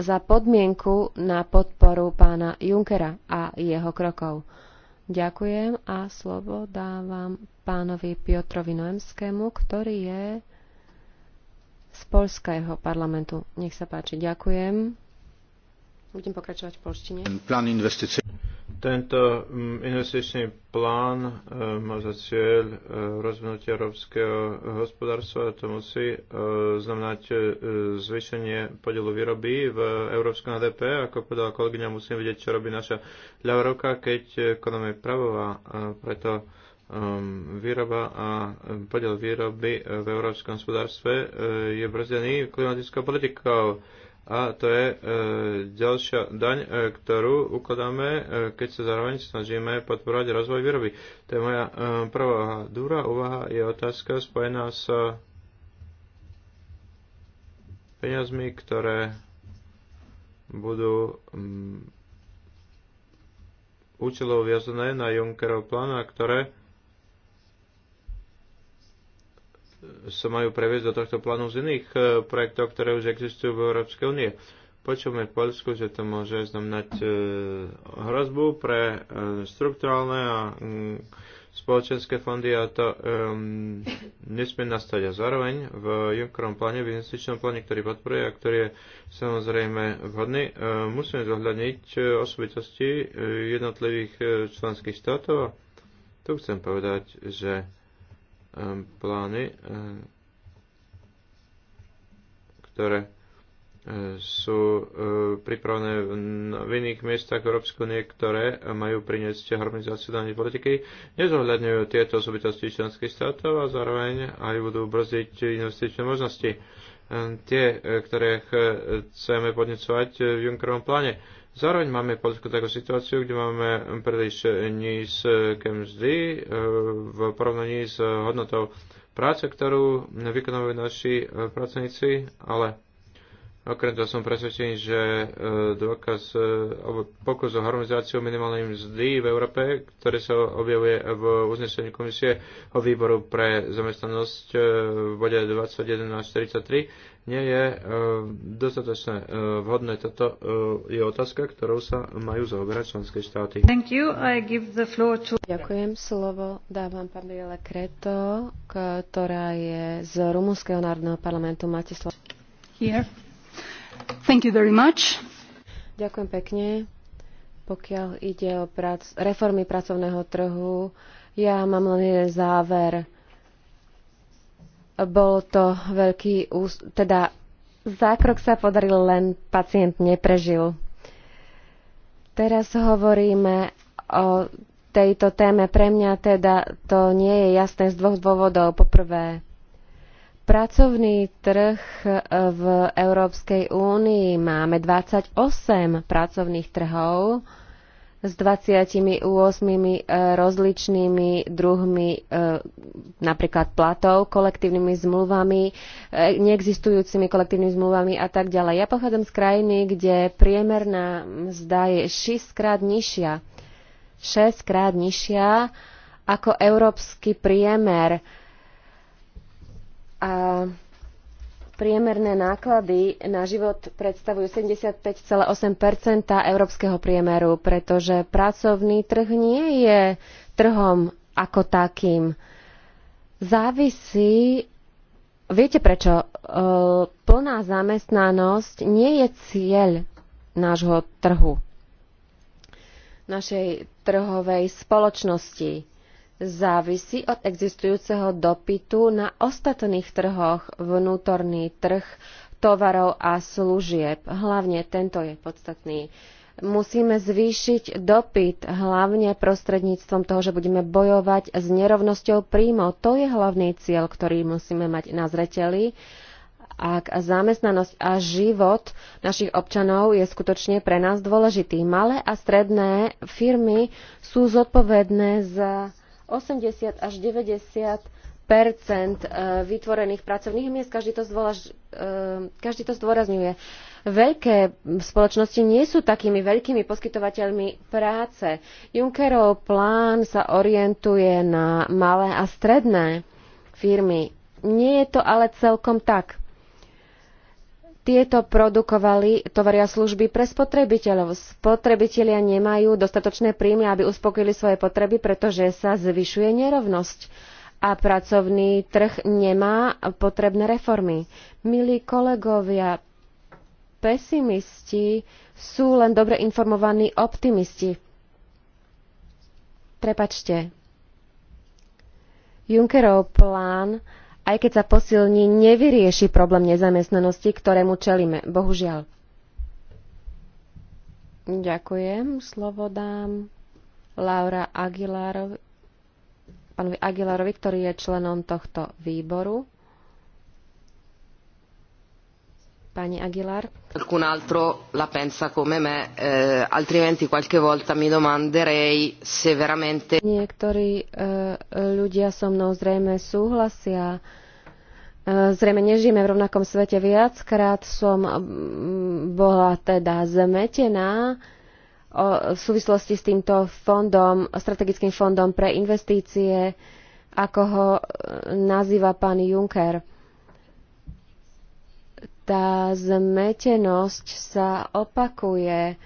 za podmienku na podporu pána Junkera a jeho krokov. Ďakujem a slovo dávam pánovi Piotrovi Noemskému, ktorý je z Polského parlamentu. Nech sa páči, ďakujem. Budem pokračovať v polštine. Plán investícií. Tento mm, investičný plán e, má za cieľ e, rozvinutie európskeho e, hospodárstva. To musí znamenať zvýšenie podielu výroby v európskom HDP. Ako povedala kolegyňa, musíme vidieť, čo robí naša ľavá ruka, keď ekonomia je pravová. Preto Um, výroba a um, podiel výroby uh, v európskom hospodárstve uh, je brzdený klimatickou politikou. A to je uh, ďalšia daň, uh, ktorú ukladáme, uh, keď sa zároveň snažíme podporovať rozvoj výroby. To je moja uh, prvá dúra úvaha, je otázka spojená s peniazmi, ktoré budú um, účelov viazané na Junckerov plán a ktoré sa majú previesť do tohto plánu z iných e, projektov, ktoré už existujú v Európskej únie. Počujeme v Polsku, že to môže znamenať e, hrozbu pre e, strukturálne a spoločenské fondy a to um, nesmie nastať. A zároveň v Junckerovom pláne, v investičnom pláne, ktorý podporuje a ktorý je samozrejme vhodný, uh, musíme zohľadniť osobitosti jednotlivých členských štátov. Tu chcem povedať, že Um, plány, uh, ktoré uh, sú uh, pripravené v iných miestach Európskej únie, ktoré majú priniesť harmonizáciu danej politiky, nezohľadňujú tieto osobitosti členských štátov a zároveň aj budú brzdiť investičné možnosti. Tie, ktoré chceme podnecovať v Junckerovom pláne Zároveň máme v Polsku takú situáciu, kde máme príliš nízke mzdy e, v porovnaní s hodnotou práce, ktorú vykonávajú naši e, pracovníci, ale Okrem toho som presvedčený, že e, dôkaz alebo pokus o harmonizáciu minimálnej mzdy v Európe, ktoré sa objavuje v uznesení komisie o výboru pre zamestnanosť v bode 21 až 43, nie je e, e vhodné. Toto e, je otázka, ktorou sa majú zaoberať členské štáty. Thank you. I give the floor to... Ďakujem. Slovo dávam Pabriele Kreto, ktorá je z Rumunského národného parlamentu. Máte slovo. Here. Thank you very much. Ďakujem pekne. Pokiaľ ide o prac- reformy pracovného trhu, ja mám len jeden záver bol to veľký, ús, teda zákrok sa podaril, len pacient neprežil. Teraz hovoríme o tejto téme. Pre mňa teda to nie je jasné z dvoch dôvodov. Poprvé, pracovný trh e, v Európskej únii máme 28 pracovných trhov s 28 e, rozličnými druhmi e, napríklad platov, kolektívnymi zmluvami, e, neexistujúcimi kolektívnymi zmluvami a tak ďalej. Ja pochádzam z krajiny, kde priemerná mzda je 6 krát nižšia. 6 krát nižšia ako európsky priemer. A Priemerné náklady na život predstavujú 75,8 európskeho priemeru, pretože pracovný trh nie je trhom ako takým. Závisí Viete prečo? E, plná zamestnanosť nie je cieľ nášho trhu, našej trhovej spoločnosti závisí od existujúceho dopytu na ostatných trhoch vnútorný trh tovarov a služieb. Hlavne tento je podstatný. Musíme zvýšiť dopyt hlavne prostredníctvom toho, že budeme bojovať s nerovnosťou príjmov. To je hlavný cieľ, ktorý musíme mať na zreteli ak zamestnanosť a život našich občanov je skutočne pre nás dôležitý. Malé a stredné firmy sú zodpovedné za 80 až 90 e, vytvorených pracovných miest, každý to, zvolaž, e, každý to zdôrazňuje. Veľké spoločnosti nie sú takými veľkými poskytovateľmi práce. Junckerov plán sa orientuje na malé a stredné firmy. Nie je to ale celkom tak tieto produkovali tovaria služby pre spotrebiteľov. Spotrebitelia nemajú dostatočné príjmy, aby uspokojili svoje potreby, pretože sa zvyšuje nerovnosť a pracovný trh nemá potrebné reformy. Milí kolegovia, pesimisti sú len dobre informovaní optimisti. Prepačte. Junckerov plán aj keď sa posilní, nevyrieši problém nezamestnanosti, ktorému čelíme. Bohužiaľ. Ďakujem. Slovo dám Laura Aguilarovi, pánovi Aguilarovi, ktorý je členom tohto výboru. Pani Aguilar. Qualcun altro la pensa come me, eh, altrimenti qualche volta mi domanderei se veramente... Niektorí eh, ľudia so mnou zrejme súhlasia. Eh, zrejme nežijeme v rovnakom svete. Viackrát som mm, bola teda zmetená o, v súvislosti s týmto fondom, strategickým fondom pre investície, ako ho eh, nazýva pán Juncker tá zmetenosť sa opakuje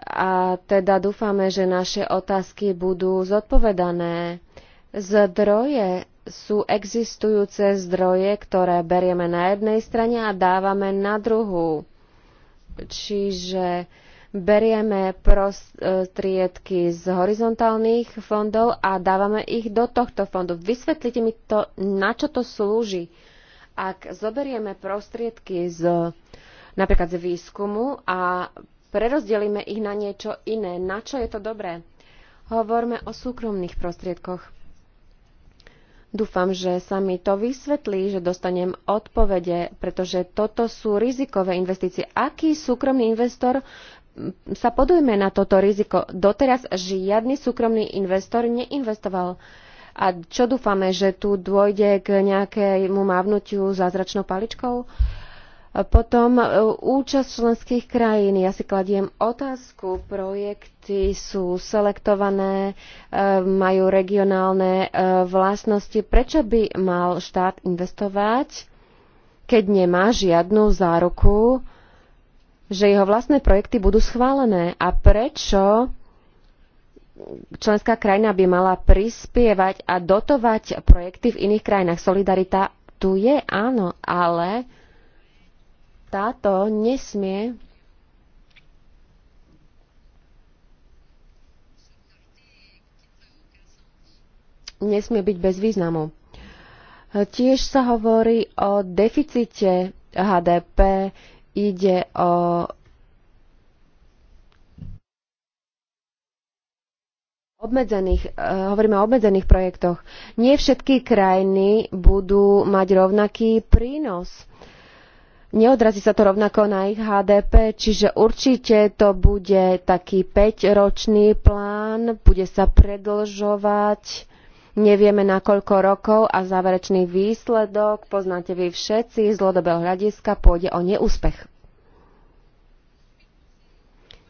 a teda dúfame, že naše otázky budú zodpovedané. Zdroje sú existujúce zdroje, ktoré berieme na jednej strane a dávame na druhú. Čiže berieme prostriedky z horizontálnych fondov a dávame ich do tohto fondu. Vysvetlite mi to, na čo to slúži ak zoberieme prostriedky z, napríklad z výskumu a prerozdelíme ich na niečo iné, na čo je to dobré? Hovorme o súkromných prostriedkoch. Dúfam, že sa mi to vysvetlí, že dostanem odpovede, pretože toto sú rizikové investície. Aký súkromný investor sa podujme na toto riziko? Doteraz žiadny súkromný investor neinvestoval a čo dúfame, že tu dôjde k nejakému mávnutiu zázračnou paličkou? Potom e, účasť členských krajín. Ja si kladiem otázku. Projekty sú selektované, e, majú regionálne e, vlastnosti. Prečo by mal štát investovať, keď nemá žiadnu záruku, že jeho vlastné projekty budú schválené? A prečo členská krajina by mala prispievať a dotovať projekty v iných krajinách. Solidarita tu je, áno, ale táto nesmie nesmie byť bez významu. Tiež sa hovorí o deficite HDP, ide o obmedzených, eh, hovoríme o obmedzených projektoch. Nie všetky krajiny budú mať rovnaký prínos. Neodrazí sa to rovnako na ich HDP, čiže určite to bude taký 5-ročný plán, bude sa predlžovať, nevieme na koľko rokov a záverečný výsledok, poznáte vy všetci, z dlhodobého hľadiska pôjde o neúspech.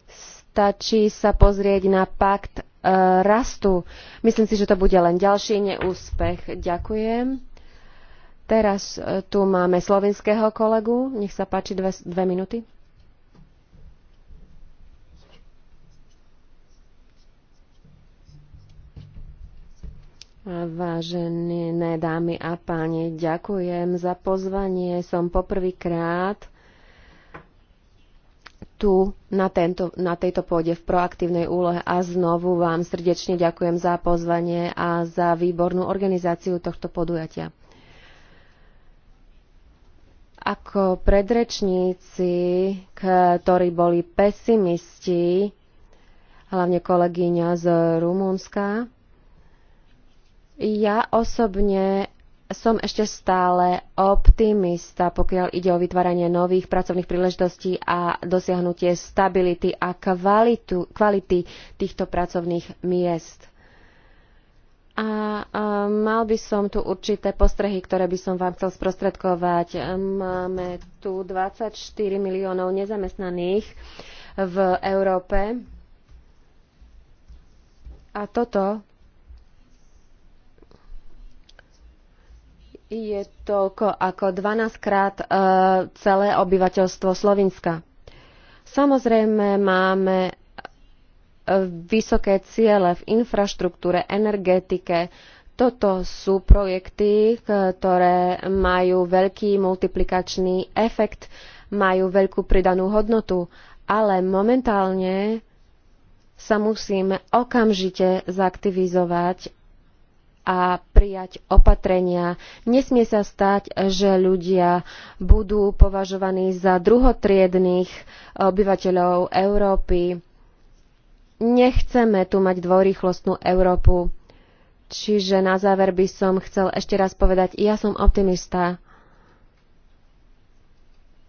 Stačí sa pozrieť na pakt Eh, rastu. Myslím si, že to bude len ďalší neúspech. Ďakujem. Teraz eh, tu máme slovinského kolegu. Nech sa páči dve, dve minúty. Vážené dámy a páni, ďakujem za pozvanie. Som poprvýkrát tu na, tento, na tejto pôde v proaktívnej úlohe a znovu vám srdečne ďakujem za pozvanie a za výbornú organizáciu tohto podujatia. Ako predrečníci, ktorí boli pesimisti, hlavne kolegyňa z Rumúnska, ja osobne som ešte stále optimista, pokiaľ ide o vytváranie nových pracovných príležitostí a dosiahnutie stability a kvalitu, kvality týchto pracovných miest. A, a mal by som tu určité postrehy, ktoré by som vám chcel sprostredkovať. Máme tu 24 miliónov nezamestnaných v Európe. A toto je toľko ako 12 krát e, celé obyvateľstvo Slovenska. Samozrejme máme e, vysoké ciele v infraštruktúre, energetike. Toto sú projekty, ktoré majú veľký multiplikačný efekt, majú veľkú pridanú hodnotu, ale momentálne sa musíme okamžite zaktivizovať a prijať opatrenia. Nesmie sa stať, že ľudia budú považovaní za druhotriedných obyvateľov Európy. Nechceme tu mať dvorýchlostnú Európu. Čiže na záver by som chcel ešte raz povedať, ja som optimista.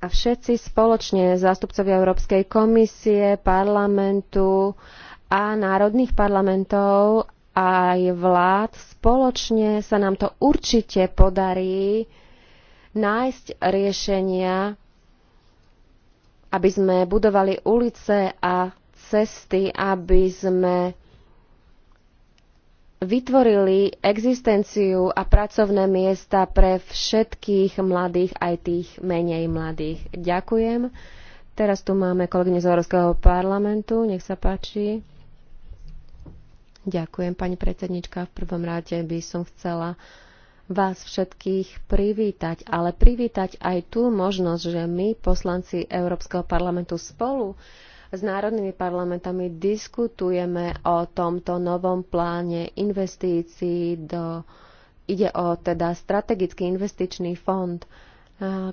A všetci spoločne, zástupcovia Európskej komisie, parlamentu a národných parlamentov aj vlád. Spoločne sa nám to určite podarí nájsť riešenia, aby sme budovali ulice a cesty, aby sme vytvorili existenciu a pracovné miesta pre všetkých mladých, aj tých menej mladých. Ďakujem. Teraz tu máme kolegyne z Európskeho parlamentu. Nech sa páči. Ďakujem, pani predsednička. V prvom rade by som chcela vás všetkých privítať, ale privítať aj tú možnosť, že my, poslanci Európskeho parlamentu spolu s národnými parlamentami diskutujeme o tomto novom pláne investícií do ide o teda strategický investičný fond.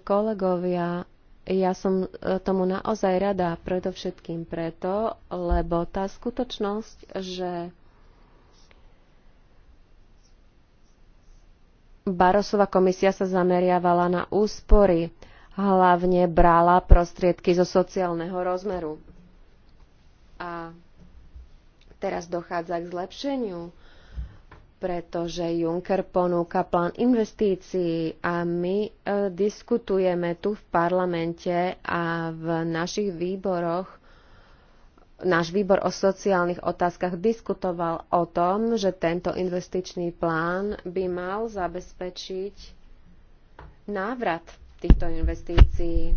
kolegovia, ja som e, tomu naozaj rada, predovšetkým preto, lebo tá skutočnosť, že Barosová komisia sa zameriavala na úspory, hlavne brala prostriedky zo sociálneho rozmeru. A teraz dochádza k zlepšeniu, pretože Juncker ponúka plán investícií a my e, diskutujeme tu v parlamente a v našich výboroch náš výbor o sociálnych otázkach diskutoval o tom, že tento investičný plán by mal zabezpečiť návrat týchto investícií.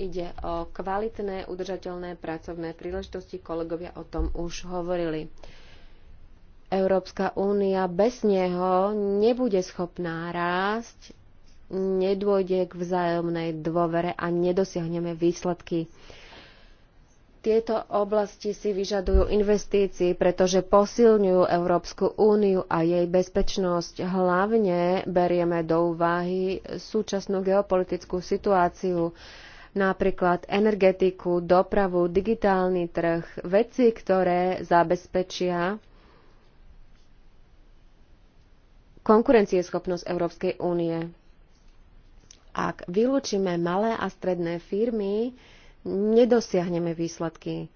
Ide o kvalitné, udržateľné pracovné príležitosti, kolegovia o tom už hovorili. Európska únia bez neho nebude schopná rásť, nedôjde k vzájomnej dôvere a nedosiahneme výsledky tieto oblasti si vyžadujú investície pretože posilňujú Európsku úniu a jej bezpečnosť. Hlavne berieme do úvahy súčasnú geopolitickú situáciu, napríklad energetiku, dopravu, digitálny trh, veci, ktoré zabezpečia konkurencieschopnosť Európskej únie. Ak vylúčime malé a stredné firmy, nedosiahneme výsledky.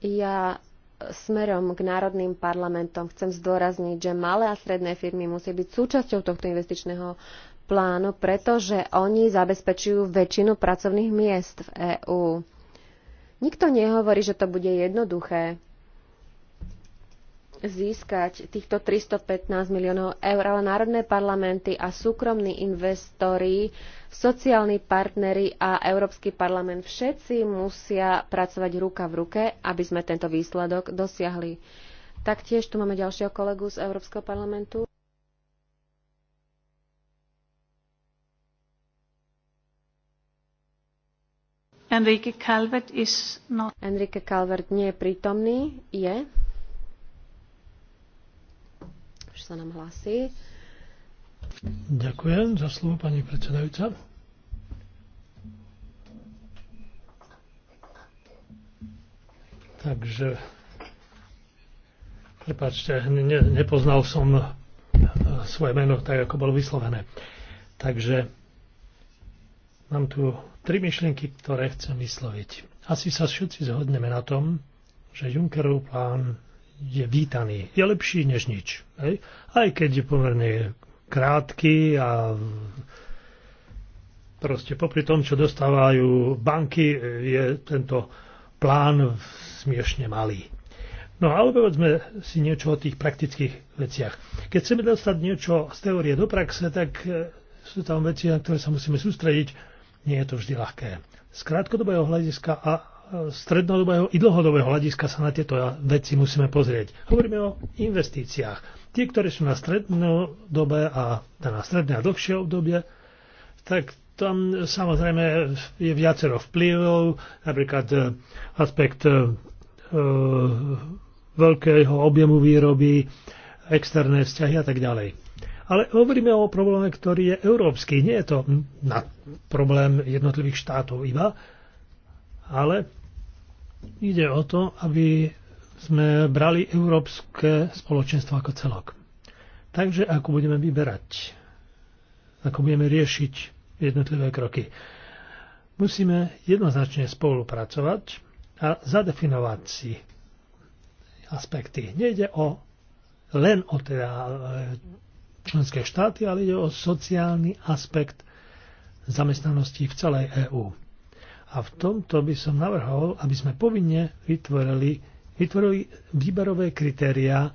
Ja smerom k národným parlamentom chcem zdôrazniť, že malé a stredné firmy musia byť súčasťou tohto investičného plánu, pretože oni zabezpečujú väčšinu pracovných miest v EÚ. Nikto nehovorí, že to bude jednoduché získať týchto 315 miliónov eur, ale národné parlamenty a súkromní investori, sociálni partneri a Európsky parlament všetci musia pracovať ruka v ruke, aby sme tento výsledok dosiahli. Taktiež tu máme ďalšieho kolegu z Európskeho parlamentu. Enrique Calvert, is not... Enrique Calvert nie je prítomný. Je? sa nám hlási. Ďakujem za slovo, pani predsedajúca. Takže, prepáčte, ne, nepoznal som eh, svoje meno tak, ako bolo vyslovené. Takže mám tu tri myšlienky, ktoré chcem vysloviť. Asi sa všetci zhodneme na tom, že Junckerov plán je vítaný. Je lepší než nič. Hej? Aj keď je pomerne krátky a proste popri tom, čo dostávajú banky, je tento plán smiešne malý. No ale povedzme si niečo o tých praktických veciach. Keď chceme dostať niečo z teórie do praxe, tak e, sú tam veci, na ktoré sa musíme sústrediť. Nie je to vždy ľahké. Z krátkodobého hľadiska a strednodobého i dlhodobého hľadiska sa na tieto veci musíme pozrieť. Hovoríme o investíciách. Tie, ktoré sú na strednodobé a teda na stredné a dlhšie obdobie, tak tam samozrejme je viacero vplyvov, napríklad e, aspekt e, e, veľkého objemu výroby, externé vzťahy a tak ďalej. Ale hovoríme o probléme, ktorý je európsky. Nie je to na problém jednotlivých štátov iba, ale ide o to, aby sme brali európske spoločenstvo ako celok. Takže ako budeme vyberať, ako budeme riešiť jednotlivé kroky. Musíme jednoznačne spolupracovať a zadefinovať si aspekty. Nejde o, len o teda e, členské štáty, ale ide o sociálny aspekt zamestnanosti v celej EÚ. A v tomto by som navrhol, aby sme povinne vytvorili, vytvorili výberové kritériá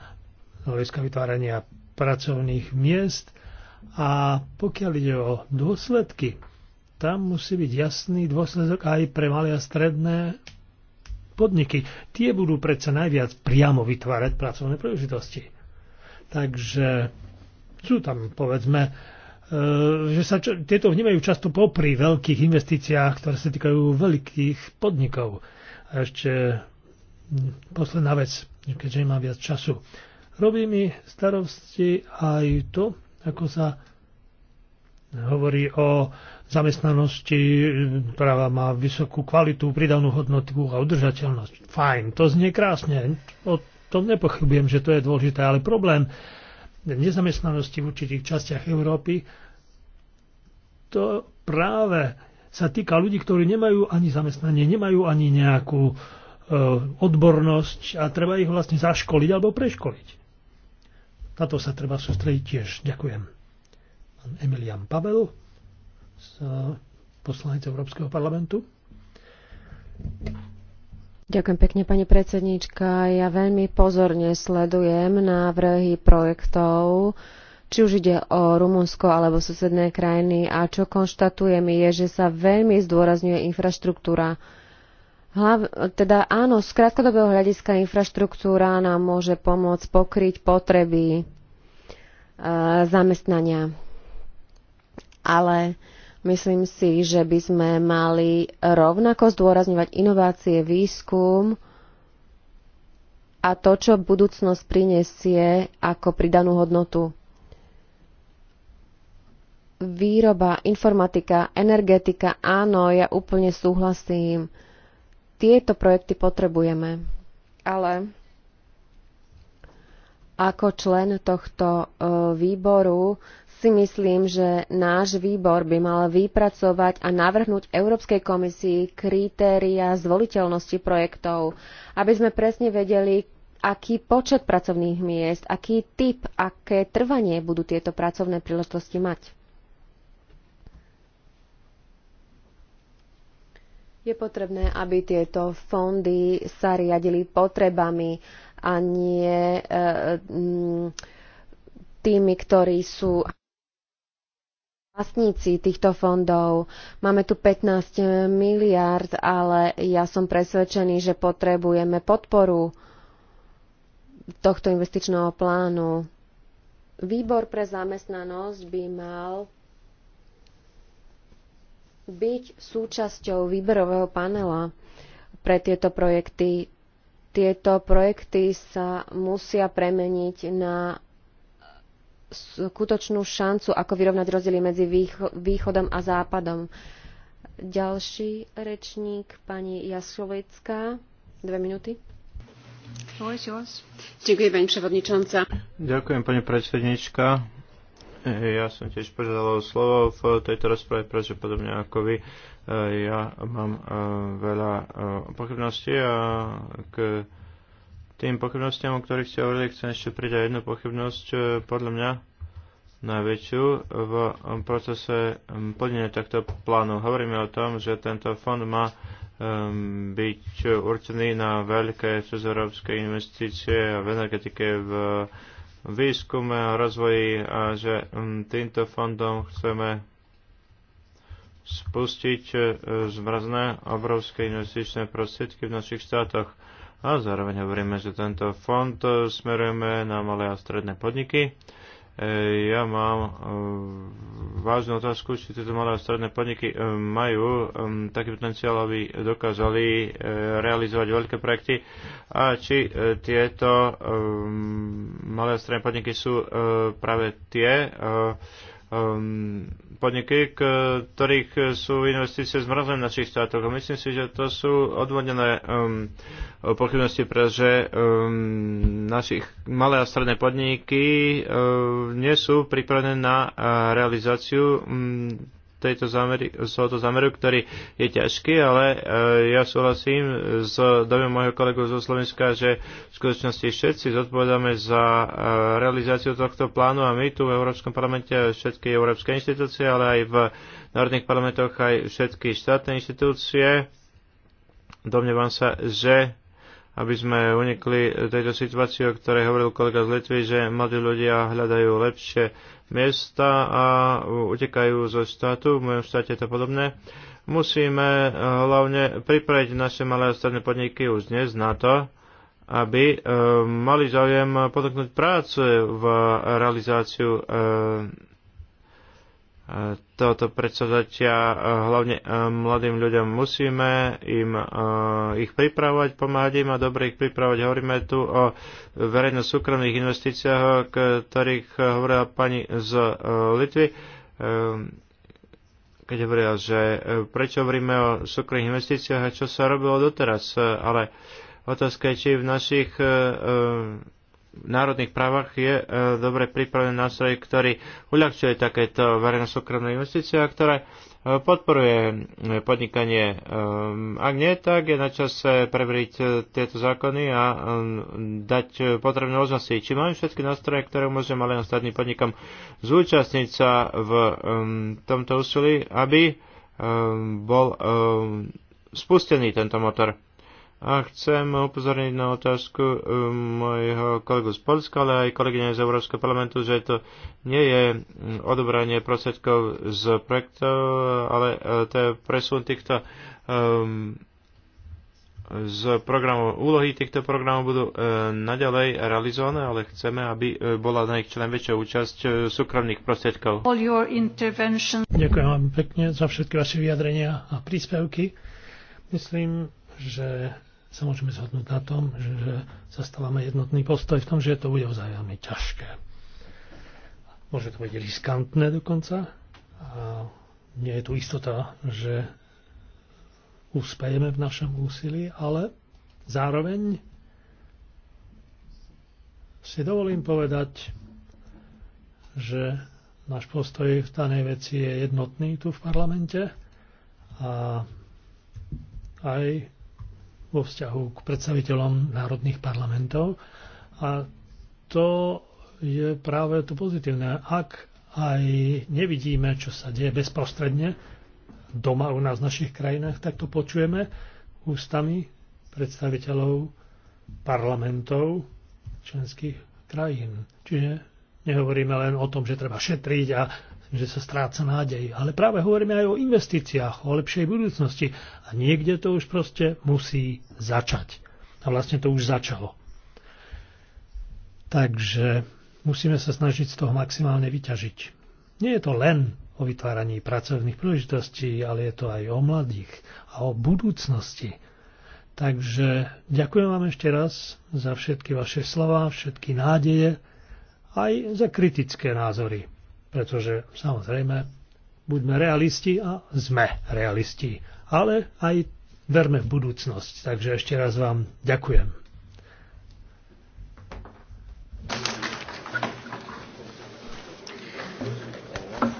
hľadiska vytvárania pracovných miest a pokiaľ ide o dôsledky, tam musí byť jasný dôsledok aj pre malé a stredné podniky. Tie budú predsa najviac priamo vytvárať pracovné príležitosti. Takže sú tam, povedzme, Ehm, že sa čo, tieto vnímajú často popri veľkých investíciách, ktoré sa týkajú veľkých podnikov. A ešte mm, posledná vec, keďže nemám viac času. Robí mi starosti aj to, ako sa hovorí o zamestnanosti, ktorá má vysokú kvalitu, pridanú hodnotu a udržateľnosť. Fajn, to znie krásne, o tom nepochybujem, že to je dôležité, ale problém nezamestnanosti v určitých častiach Európy, to práve sa týka ľudí, ktorí nemajú ani zamestnanie, nemajú ani nejakú e, odbornosť a treba ich vlastne zaškoliť alebo preškoliť. Na to sa treba sústrediť tiež. Ďakujem. Pán Emilian Pavel, e, poslanec Európskeho parlamentu. Ďakujem pekne, pani predsedníčka. Ja veľmi pozorne sledujem návrhy projektov, či už ide o Rumunsko alebo susedné krajiny a čo konštatujem je, že sa veľmi zdôrazňuje infraštruktúra. Hlav, teda áno, z krátkodobého hľadiska infraštruktúra nám môže pomôcť pokryť potreby e, zamestnania. Ale Myslím si, že by sme mali rovnako zdôrazňovať inovácie, výskum a to, čo budúcnosť prinesie ako pridanú hodnotu. Výroba, informatika, energetika, áno, ja úplne súhlasím. Tieto projekty potrebujeme. Ale ako člen tohto e, výboru si myslím, že náš výbor by mal vypracovať a navrhnúť Európskej komisii kritéria zvoliteľnosti projektov, aby sme presne vedeli, aký počet pracovných miest, aký typ, aké trvanie budú tieto pracovné príležitosti mať. Je potrebné, aby tieto fondy sa riadili potrebami a nie eh, mm, tými, ktorí sú vlastníci týchto fondov. Máme tu 15 miliard, ale ja som presvedčený, že potrebujeme podporu tohto investičného plánu. Výbor pre zamestnanosť by mal byť súčasťou výberového panela pre tieto projekty tieto projekty sa musia premeniť na skutočnú šancu, ako vyrovnať rozdiely medzi východom a západom. Ďalší rečník, pani Jaslovecká. Dve minúty. Ďakujem, pani predsednička. Ja som tiež požiadal slovo v tejto rozprave, pretože podobne ako vy, e, ja mám e, veľa e, pochybností a k tým pochybnostiam, o ktorých ste hovorili, chcem ešte pridať jednu pochybnosť, podľa mňa najväčšiu v procese plnenia takto plánu. Hovoríme o tom, že tento fond má byť určený na veľké cezorovské investície v energetike v výskum a rozvoj a že mm, týmto fondom chceme spustiť e, zmrzné obrovské investičné prostriedky v našich štátoch. A zároveň hovoríme, že tento fond e, smerujeme na malé a stredné podniky E, ja mám e, vážnu otázku, či tieto malé a stredné podniky e, majú taký potenciál, aby dokázali realizovať veľké projekty a či tieto malé a stredné podniky sú práve tie, Ehm, podniky, ktorých sú investície zmrazené v našich štátoch. myslím si, že to sú odvodené um, ehm, pochybnosti, pretože um, ehm, našich malé a stredné podniky um, nie sú pripravené na uh, realizáciu um, tejto zamery, z tohoto zameru, ktorý je ťažký, ale e, ja súhlasím s domem môjho kolegu zo Slovenska, že v skutočnosti všetci zodpovedáme za e, realizáciu tohto plánu a my tu v Európskom parlamente všetky európske inštitúcie, ale aj v národných parlamentoch aj všetky štátne inštitúcie. Domnievam sa, že aby sme unikli tejto situácii, o ktorej hovoril kolega z Litvy, že mladí ľudia hľadajú lepšie miesta a utekajú zo štátu, v mojom štáte je to podobné. Musíme eh, hlavne pripraviť naše malé a stredné podniky už dnes na to, aby eh, mali záujem podoknúť prácu v realizáciu eh, tohoto predsedatia eh, hlavne eh, mladým ľuďom. Musíme im eh, ich pripravovať, pomáhať im a dobre ich pripravovať. Hovoríme tu o verejno-súkromných investíciách, o ktorých hovorila pani z Litvy keď hovorila, že prečo hovoríme o súkromných investíciách a čo sa robilo doteraz, ale otázka je, či v našich národných právach je e, dobre pripravený nástroj, ktorý uľahčuje takéto verejno-súkromné investície a ktoré e, podporuje e, podnikanie. Ak nie, tak je na čase preveriť tieto zákony a dať potrebné možnosti. Či máme všetky nástroje, ktoré môžeme malým ostatným podnikom zúčastniť sa v tomto úsilí, aby bol spustený tento motor. A chcem upozorniť na otázku um, mojho kolegu z Polska, ale aj kolegyne z Európskeho parlamentu, že to nie je um, odobranie prostriedkov z projektov, ale uh, to je presun týchto um, z programov. Úlohy týchto programov budú e, naďalej realizované, ale chceme, aby e, bola na nich čo najväčšia účasť e, súkromných prostriedkov. Ďakujem vám pekne za všetky vaše vyjadrenia a príspevky. Myslím, že sa môžeme zhodnúť na tom, že, že zastávame jednotný postoj v tom, že to bude vzájomne ťažké. Môže to byť riskantné dokonca a nie je tu istota, že uspejeme v našom úsilí, ale zároveň si dovolím povedať, že náš postoj v danej veci je jednotný tu v parlamente a aj vo vzťahu k predstaviteľom národných parlamentov. A to je práve to pozitívne. Ak aj nevidíme, čo sa deje bezprostredne doma u nás v našich krajinách, tak to počujeme ústami predstaviteľov parlamentov členských krajín. Čiže nehovoríme len o tom, že treba šetriť a že sa stráca nádej. Ale práve hovoríme aj o investíciách, o lepšej budúcnosti. A niekde to už proste musí začať. A vlastne to už začalo. Takže musíme sa snažiť z toho maximálne vyťažiť. Nie je to len o vytváraní pracovných príležitostí, ale je to aj o mladých a o budúcnosti. Takže ďakujem vám ešte raz za všetky vaše slova, všetky nádeje, aj za kritické názory. Pretože samozrejme, buďme realisti a sme realisti. Ale aj verme v budúcnosť. Takže ešte raz vám ďakujem.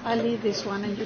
I'll leave this one and you